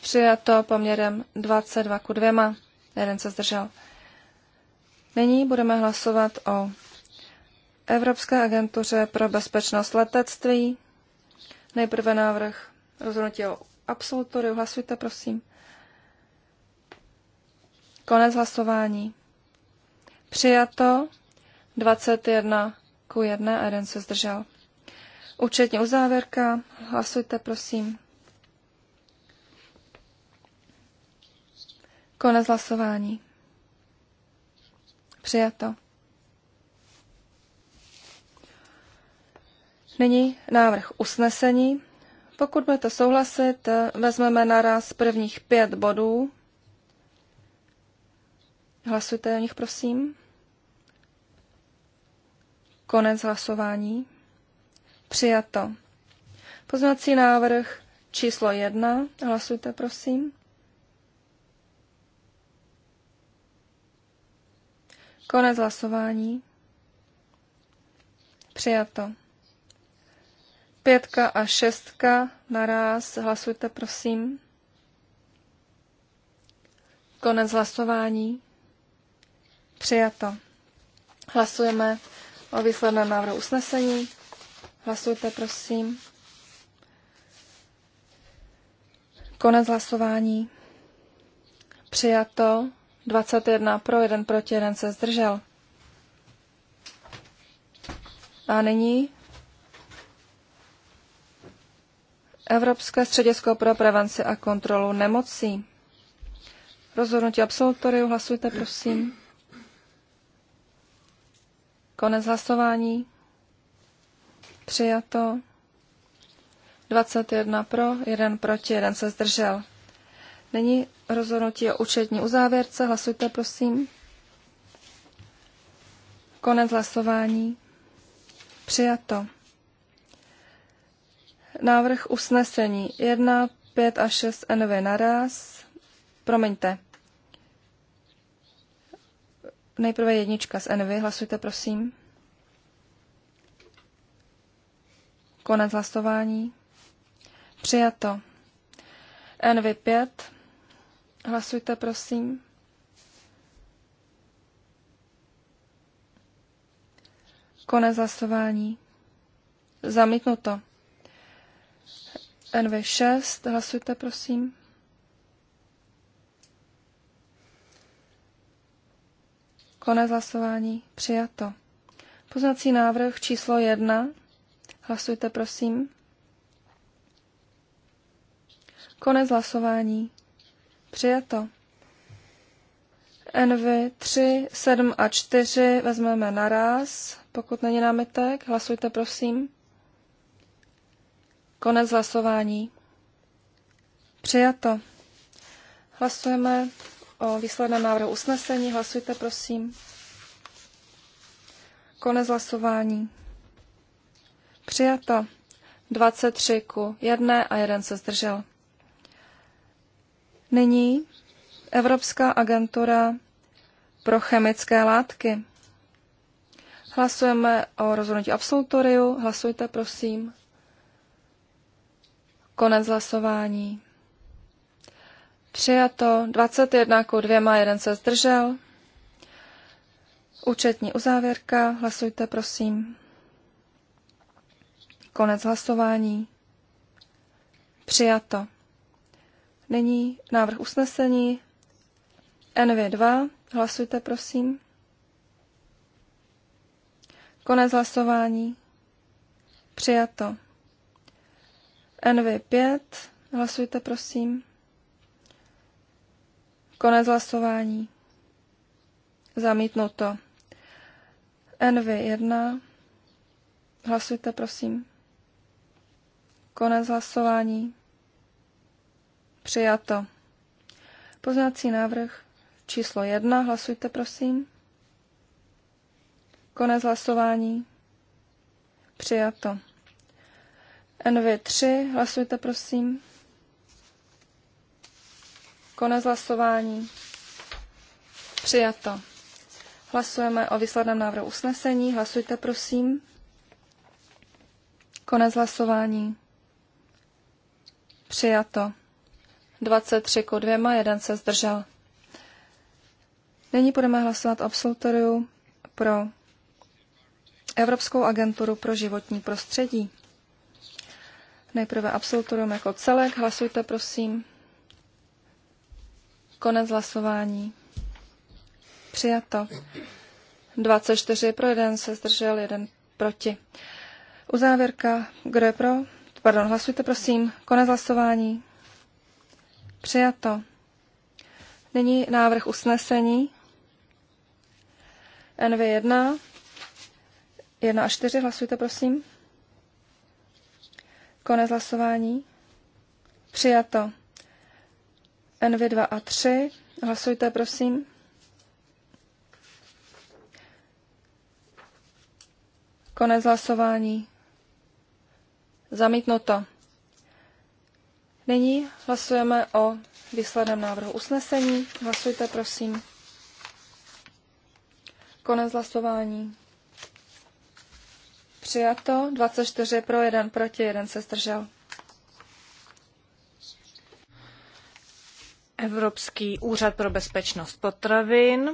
Přijato poměrem 22 ku 2. Jeden se zdržel. Nyní budeme hlasovat o Evropské agentuře pro bezpečnost letectví. Nejprve návrh rozhodnutí o absolutoriu. Hlasujte, prosím. Konec hlasování. Přijato 21 ku 1 a jeden se zdržel. Účetní uzávěrka. Hlasujte, prosím. Konec hlasování. Přijato. Nyní návrh usnesení. Pokud budete souhlasit, vezmeme naraz prvních pět bodů. Hlasujte o nich, prosím. Konec hlasování. Přijato. Poznací návrh číslo jedna. Hlasujte, prosím. Konec hlasování. Přijato. Pětka a šestka naraz. Hlasujte, prosím. Konec hlasování. Přijato. Hlasujeme o výsledném návrhu usnesení. Hlasujte, prosím. Konec hlasování. Přijato 21 pro, 1 proti, 1 se zdržel. A nyní Evropské středisko pro prevenci a kontrolu nemocí. Rozhodnutí absolutoriu, hlasujte prosím. Konec hlasování. Přijato. 21 pro, 1 proti, 1 se zdržel. Není rozhodnutí o účetní uzávěrce, hlasujte prosím. Konec hlasování. Přijato. Návrh usnesení 1, 5 a 6 NV naraz. Promiňte. Nejprve jednička z NV. Hlasujte, prosím. Konec hlasování. Přijato. NV5. Hlasujte, prosím. Konec hlasování. Zamítnuto. NV6, hlasujte prosím. Konec hlasování přijato. Poznací návrh číslo 1. Hlasujte prosím. Konec hlasování. Přijato. NV 3, 7 a 4 vezmeme naraz, pokud není námitek. Hlasujte prosím. Konec hlasování. Přijato. Hlasujeme o výsledném návrhu usnesení. Hlasujte, prosím. Konec hlasování. Přijato. 23 ku 1 a 1 se zdržel. Nyní Evropská agentura pro chemické látky. Hlasujeme o rozhodnutí absolutoriu. Hlasujte, prosím. Konec hlasování. Přijato 21 ku 2, 1 se zdržel. Účetní uzávěrka, hlasujte prosím. Konec hlasování. Přijato. Nyní návrh usnesení NV2. Hlasujte, prosím. Konec hlasování. Přijato. NV5. Hlasujte, prosím. Konec hlasování. Zamítnuto. NV1. Hlasujte, prosím. Konec hlasování. Přijato. Poznací návrh číslo 1. Hlasujte, prosím. Konec hlasování. Přijato. NV3, hlasujte prosím. Konec hlasování. Přijato. Hlasujeme o výsledném návrhu usnesení. Hlasujte prosím. Konec hlasování. Přijato. 23 k 2, jeden se zdržel. Nyní budeme hlasovat absolutoriu pro Evropskou agenturu pro životní prostředí. Nejprve absolutorium jako celek. Hlasujte, prosím. Konec hlasování. Přijato. 24 pro, jeden se zdržel, jeden proti. Uzávěrka, kdo je pro? Pardon, hlasujte, prosím. Konec hlasování. Přijato. Nyní návrh usnesení. NV1. 1 a 4, hlasujte, prosím. Konec hlasování. Přijato. NV2 a 3. Hlasujte, prosím. Konec hlasování. Zamítnuto. Nyní hlasujeme o výsledném návrhu usnesení. Hlasujte, prosím. Konec hlasování. Přijato. 24 pro, 1 proti, 1 se zdržel. Evropský úřad pro bezpečnost potravin.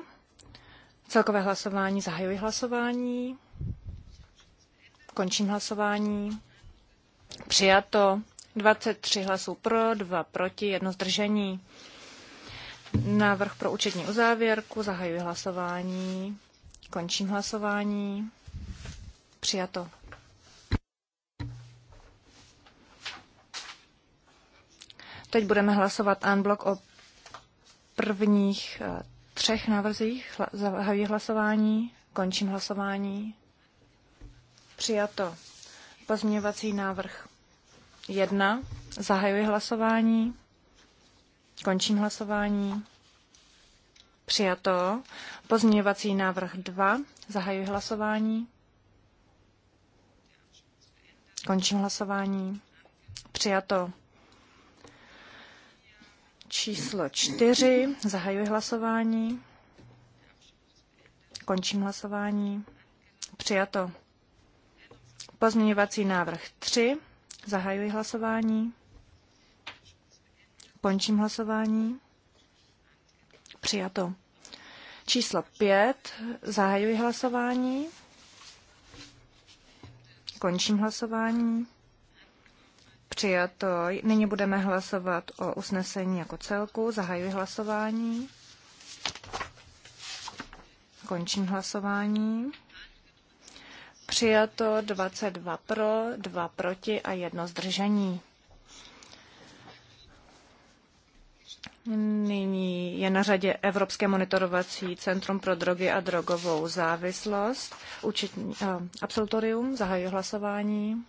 Celkové hlasování. Zahajuji hlasování. Končím hlasování. Přijato. 23 hlasů pro, 2 proti, 1 zdržení. Návrh pro účetní uzávěrku. Zahajuji hlasování. Končím hlasování. Přijato. Teď budeme hlasovat unblock o prvních eh, třech návrzích. Zahajuji hlasování, končím hlasování. Přijato. Pozměňovací návrh 1. Zahajuji hlasování. Končím hlasování. Přijato. Pozměňovací návrh 2. Zahajuji hlasování. Končím hlasování. Přijato číslo čtyři. Zahajuji hlasování. Končím hlasování. Přijato. Pozměňovací návrh tři. Zahajuji hlasování. Končím hlasování. Přijato. Číslo 5. Zahajuji hlasování. Končím hlasování. Přijato. Nyní budeme hlasovat o usnesení jako celku. Zahajuji hlasování. Končím hlasování. Přijato 22 pro, 2 proti a jedno zdržení. Nyní je na řadě Evropské monitorovací centrum pro drogy a drogovou závislost. Učitní, uh, eh, absolutorium, zahajuji hlasování.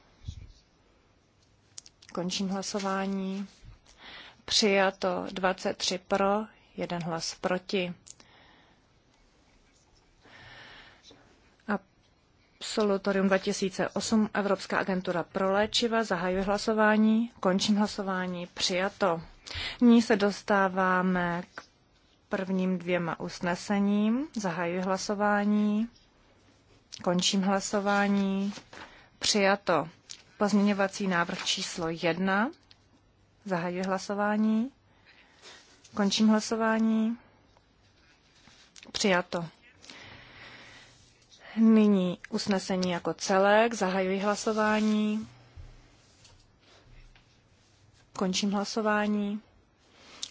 Končím hlasování. Přijato 23 pro, jeden hlas proti. Absolutorium 2008 Evropská agentura pro léčiva. Zahajuji hlasování. Končím hlasování. Přijato. Nyní se dostáváme k prvním dvěma usnesením. Zahajuji hlasování. Končím hlasování. Přijato. Pozměňovací návrh číslo 1. Zahajuji hlasování. Končím hlasování. Přijato. Nyní usnesení jako celek. Zahajuji hlasování. Končím hlasování.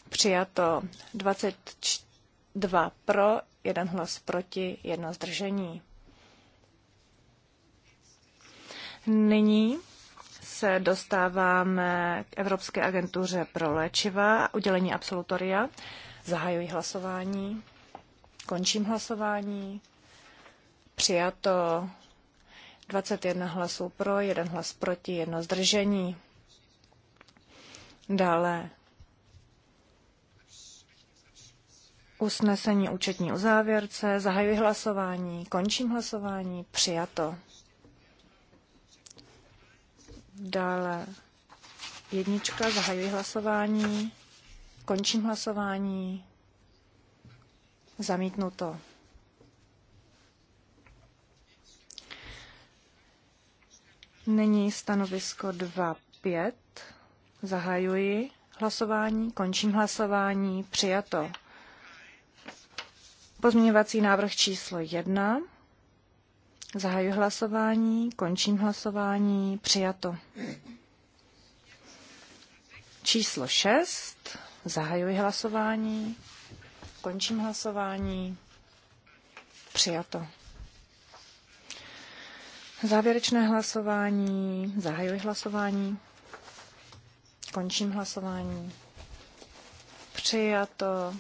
Přijato 22 pro, jeden hlas proti, jedno zdržení. Nyní se dostáváme k Evropské agentuře pro léčiva, udělení absolutoria. Zahajuji hlasování. Končím hlasování. Přijato 21 hlasů pro, jeden hlas proti, jedno zdržení. Dále usnesení účetní uzávěrce, zahajuji hlasování, končím hlasování, přijato. Dále jednička, zahajuji hlasování, končím hlasování, zamítnuto. není stanovisko 2.5. Zahajuji hlasování, končím hlasování, přijato. Pozměňovací návrh číslo 1. Zahajuji hlasování, končím hlasování, přijato. Číslo 6. Zahajuji hlasování, končím hlasování, přijato. Závěrečné hlasování, zahajuji hlasování. Končím hlasování. Přijato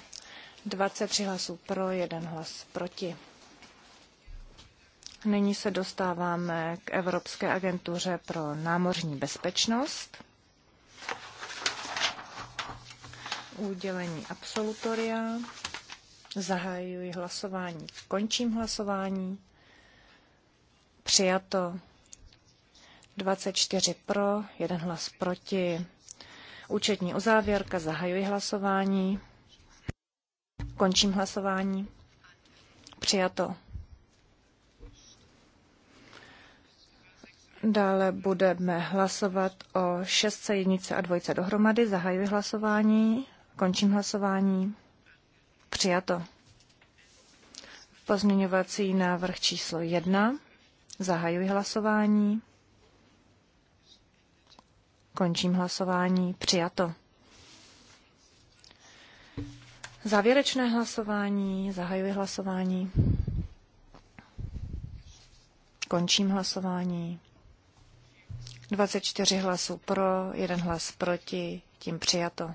23 hlasů pro, 1 hlas proti. Nyní se dostáváme k Evropské agentuře pro námořní bezpečnost. Udělení absolutoria. Zahajuji hlasování. Končím hlasování. Přijato 24 pro, 1 hlas proti. Účetní uzávěrka, zahajuji hlasování. Končím hlasování. Přijato. Dále budeme hlasovat o 6, jednice a dvojce dohromady. Zahajuji hlasování. Končím hlasování. Přijato. Pozměňovací návrh číslo 1. Zahajuji hlasování. Končím hlasování. Přijato. Závěrečné hlasování. Zahajuji hlasování. Končím hlasování. 24 hlasů pro, jeden hlas proti, tím přijato.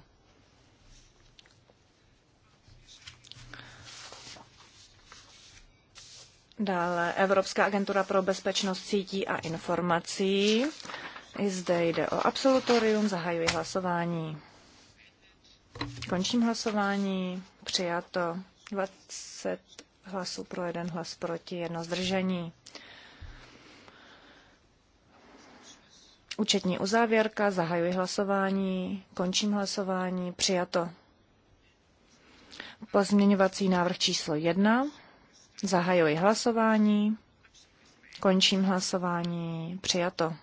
Dále Evropská agentura pro bezpečnost sítí a informací. I zde jde o absolutorium, zahajuji hlasování. Končím hlasování. Přijato 20 hlasů pro jeden hlas proti, jedno zdržení. Účetní uzávěrka, zahajuji hlasování, končím hlasování, přijato. Pozměňovací návrh číslo 1, zahajuji hlasování, končím hlasování, přijato.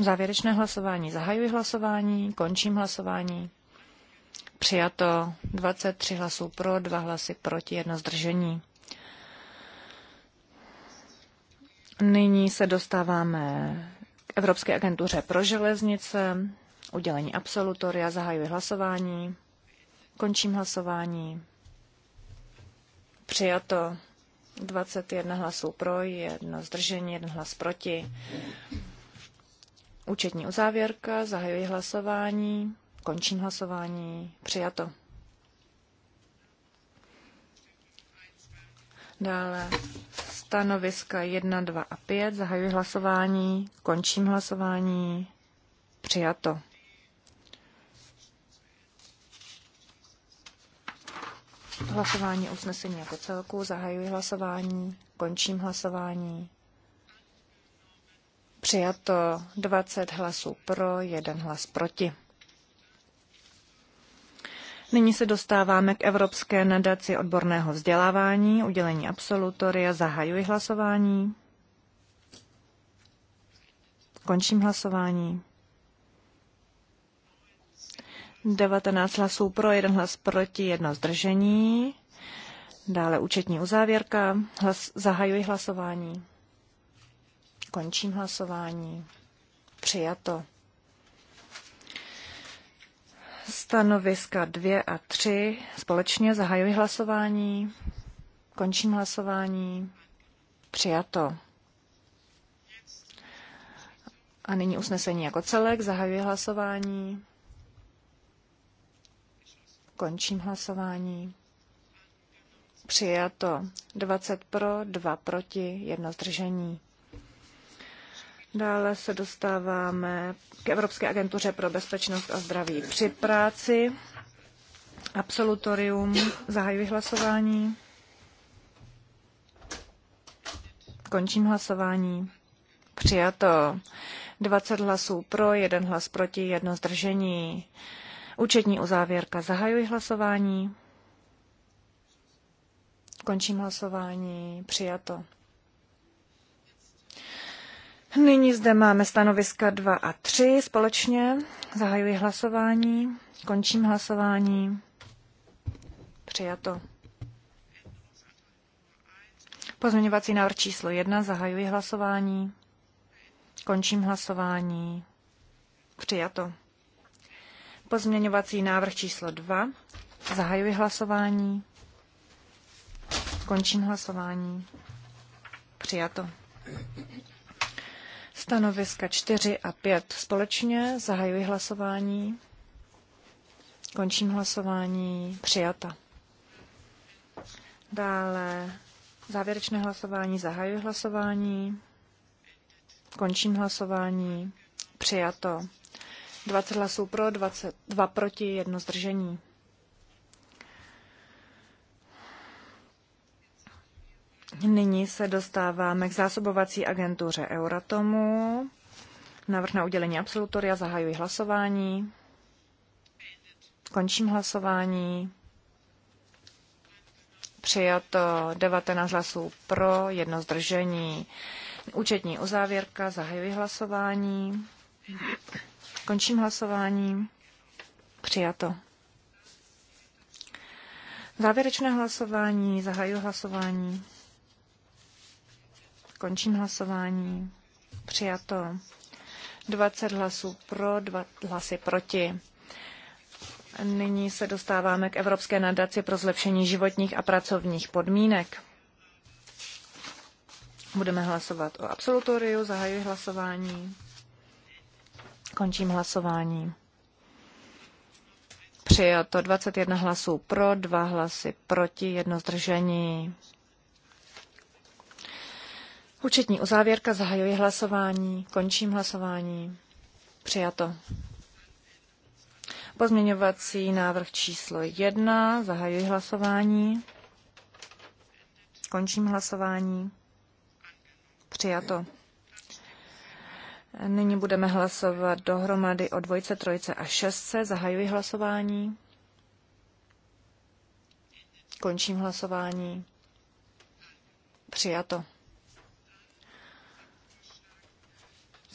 Závěrečné hlasování. Zahajuji hlasování, končím hlasování. Přijato 23 hlasů pro, 2 hlasy proti, jedno zdržení. Nyní se dostáváme k Evropské agentuře pro železnice, udělení absolutoria, zahajuji hlasování, končím hlasování. Přijato 21 hlasů pro, jedno zdržení, 1 hlas proti. Účetní uzávěrka, zahajuji hlasování, končím hlasování, přijato. Dále stanoviska 1, 2 a 5, zahajuji hlasování, končím hlasování, přijato. Hlasování usnesení jako celku, zahajuji hlasování, končím hlasování, Přijato 20 hlasů pro, jeden hlas proti. Nyní se dostáváme k Evropské nadaci odborného vzdělávání, udělení absolutoria, zahajuji hlasování. Končím hlasování. 19 hlasů pro, jeden hlas proti, jedno zdržení. Dále účetní uzávěrka. Hlas, zahajuji hlasování. Končím hlasování. Přijato. Stanoviska 2 a 3. Společně zahajuji hlasování. Končím hlasování. Přijato. A nyní usnesení jako celek. Zahajuji hlasování. Končím hlasování. Přijato 20 pro, 2 proti, 1 zdržení. Dále se dostáváme k Evropské agentuře pro bezpečnost a zdraví při práci. Absolutorium. Zahajuji hlasování. Končím hlasování. Přijato. 20 hlasů pro, 1 hlas proti, 1 zdržení. Účetní uzávěrka. Zahajuji hlasování. Končím hlasování. Přijato. Nyní zde máme stanoviska 2 a 3 společně. Zahajuji hlasování, končím hlasování. Přijato. Pozměňovací návrh číslo 1. Zahajuji hlasování. Končím hlasování. Přijato. Pozměňovací návrh číslo 2. Zahajuji hlasování. Končím hlasování. Přijato. Stanoviska 4 a 5 společně. Zahajuji hlasování. Končím hlasování. Přijata. Dále závěrečné hlasování. Zahajuji hlasování. Končím hlasování. Přijato. 20 hlasů pro, 22 proti, jedno zdržení. Nyní se dostáváme k zásobovací agentuře Euratomu. Návrh na udělení absolutoria, zahajuji hlasování. Končím hlasování. Přijato 19 hlasů pro, jedno zdržení. Účetní uzávěrka, zahajuji hlasování. Končím hlasování. Přijato. Závěrečné hlasování, zahajuji hlasování. Končím hlasování. Přijato. 20 hlasů pro, 2 hlasy proti. Nyní se dostáváme k Evropské nadaci pro zlepšení životních a pracovních podmínek. Budeme hlasovat o absolutoriu, zahajuji hlasování. Končím hlasování. Přijato 21 hlasů pro, 2 hlasy proti, jedno zdržení. Účetní uzávěrka, zahajuje hlasování, končím hlasování. Přijato. Pozměňovací návrh číslo 1, zahajuji hlasování, končím hlasování. Přijato. Nyní budeme hlasovat dohromady o dvojce, trojce a šestce. Zahajuji hlasování. Končím hlasování. Přijato.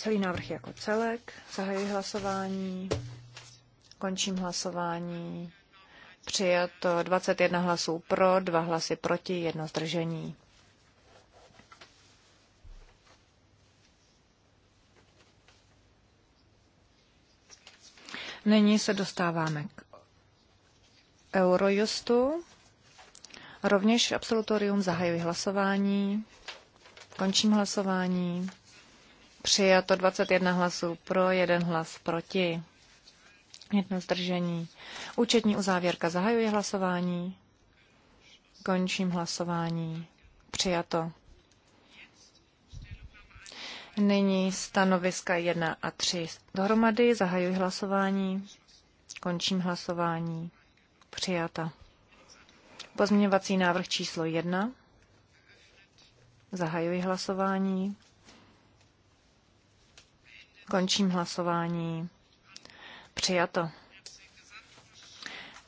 Celý návrh jako celek. Zahajuji hlasování. Končím hlasování. Přijato 21 hlasů pro, 2 hlasy proti, 1 zdržení. Nyní se dostáváme k Eurojustu. Rovněž absolutorium zahajuji hlasování. Končím hlasování. Přijato 21 hlasů pro, jeden hlas proti. Jedno zdržení. Účetní uzávěrka zahajuje hlasování. Končím hlasování. Přijato. Nyní stanoviska 1 a 3 dohromady. Zahajuji hlasování. Končím hlasování. Přijata. Pozměňovací návrh číslo 1. Zahajuji hlasování. Končím hlasování. Přijato.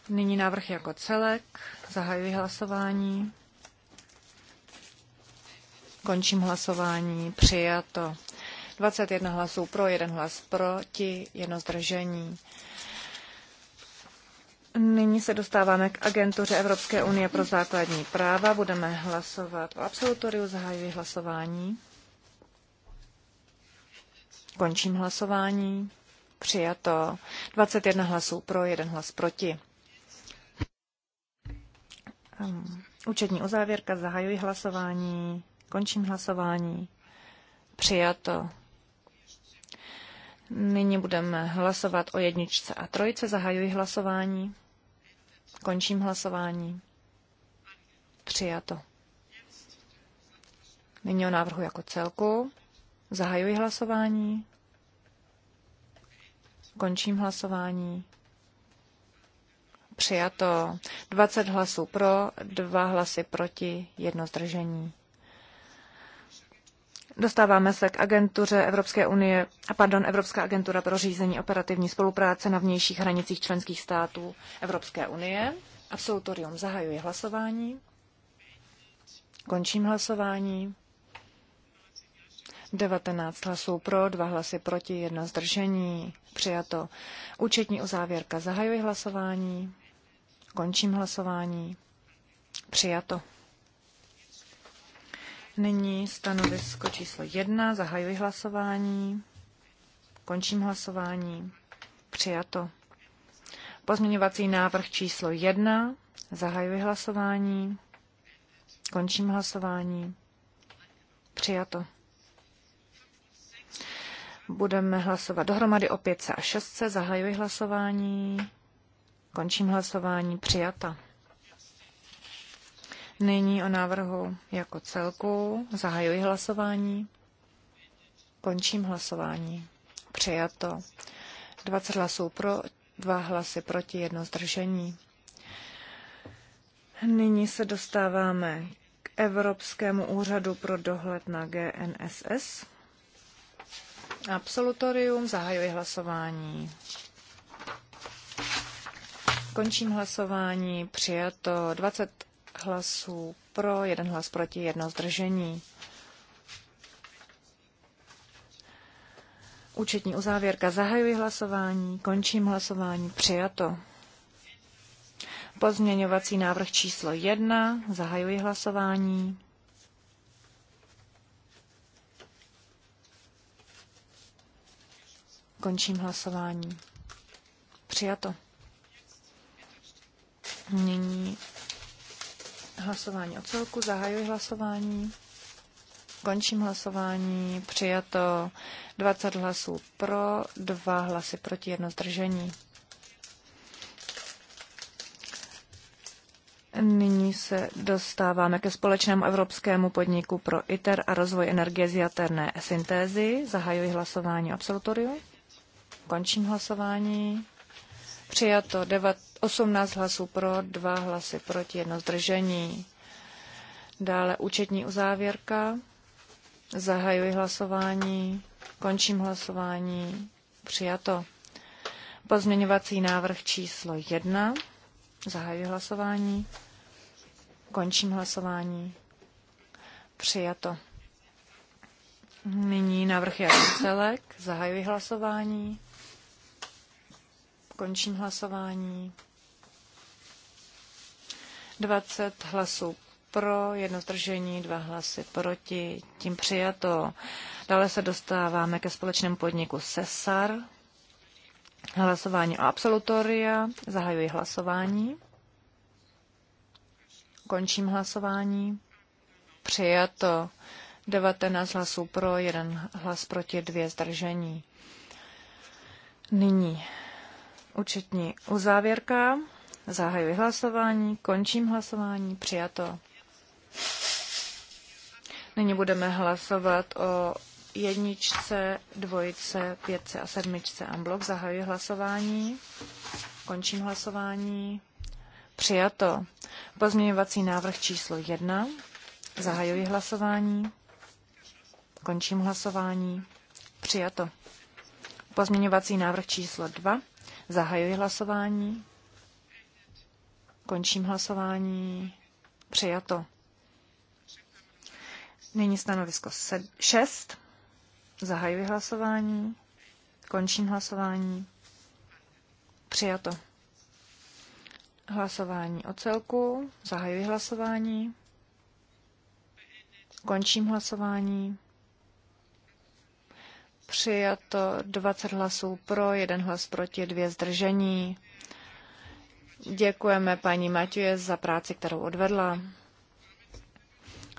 Nyní návrh jako celek. Zahajuji hlasování. Končím hlasování. Přijato. 21 hlasů pro, 1 hlas proti, jedno zdržení. Nyní se dostáváme k agentuře Evropské unie pro základní práva. Budeme hlasovat o absolutoriu. Zahajuji hlasování. Končím hlasování. Přijato 21 hlasů pro, 1 hlas proti. Ehm, účetní uzávěrka, zahajuji hlasování, končím hlasování. Přijato. Nyní budeme hlasovat o jedničce a trojce. Zahajuji hlasování. Končím hlasování. Přijato. Nyní o návrhu jako celku. Zahajuji hlasování. Končím hlasování. Přijato 20 hlasů pro, 2 hlasy proti, jedno zdržení. Dostáváme se k agentuře Evropské unie, a pardon, Evropská agentura pro řízení operativní spolupráce na vnějších hranicích členských států Evropské unie. Absolutorium zahajuje hlasování. Končím hlasování. 19 hlasů pro, 2 hlasy proti, 1 zdržení. Přijato. Účetní uzávěrka. Zahajuji hlasování. Končím hlasování. Přijato. Nyní stanovisko číslo 1. Zahajuji hlasování. Končím hlasování. Přijato. Pozměňovací návrh číslo 1. Zahajuji hlasování. Končím hlasování. Přijato. Budeme hlasovat dohromady o 5 a 6. Zahajuji hlasování. Končím hlasování. Přijata. Nyní o návrhu jako celku. Zahajuji hlasování. Končím hlasování. Přijato. 20 hlasů pro, 2 hlasy proti, jedno zdržení. Nyní se dostáváme k Evropskému úřadu pro dohled na GNSS. Absolutorium, zahajuji hlasování. Končím hlasování. Přijato 20 hlasů pro, jeden hlas proti, jedno zdržení. Účetní uzávěrka. Zahajuji hlasování. Končím hlasování. Přijato. Pozměňovací návrh číslo 1. Zahajuji hlasování. Končím hlasování. Přijato. Nyní hlasování o celku. Zahajuji hlasování. Končím hlasování. Přijato 20 hlasů pro, 2 hlasy proti, jedno zdržení. Nyní se dostáváme ke společnému evropskému podniku pro ITER a rozvoj energie z jaterné syntézy. Zahajuji hlasování absolutorium. Končím hlasování. Přijato 9, 18 hlasů pro, 2 hlasy proti, jedno zdržení. Dále účetní uzávěrka. Zahajuji hlasování. Končím hlasování. Přijato. Pozměňovací návrh číslo 1. Zahajuji hlasování. Končím hlasování. Přijato. Nyní návrh jako celek. Zahajuji hlasování. Končím hlasování. 20 hlasů pro, jedno zdržení, dva hlasy proti, tím přijato. Dále se dostáváme ke společnému podniku SESAR. Hlasování o absolutoria. Zahajuji hlasování. Končím hlasování. Přijato 19 hlasů pro, jeden hlas proti, dvě zdržení. Nyní Účetní uzávěrka. Zahajuji hlasování, končím hlasování, přijato. Nyní budeme hlasovat o jedničce, dvojice, pětce a sedmičce unblock. Zahajuji hlasování, končím hlasování, přijato. Pozměňovací návrh číslo jedna. Zahajuji hlasování, končím hlasování, přijato. Pozměňovací návrh číslo dva. Zahajuji hlasování. Končím hlasování. Přijato. Nyní stanovisko 6. Zahajuji hlasování. Končím hlasování. Přijato. Hlasování o celku. Zahajuji hlasování. Končím hlasování. Přijato 20 hlasů pro, jeden hlas proti, dvě zdržení. Děkujeme paní Matěje za práci, kterou odvedla.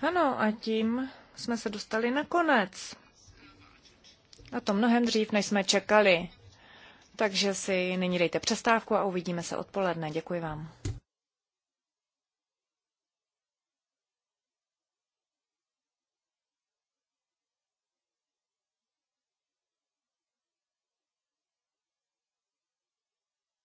Ano, a tím jsme se dostali na konec. A to mnohem dřív, než jsme čekali. Takže si nyní dejte přestávku a uvidíme se odpoledne. Děkuji vám.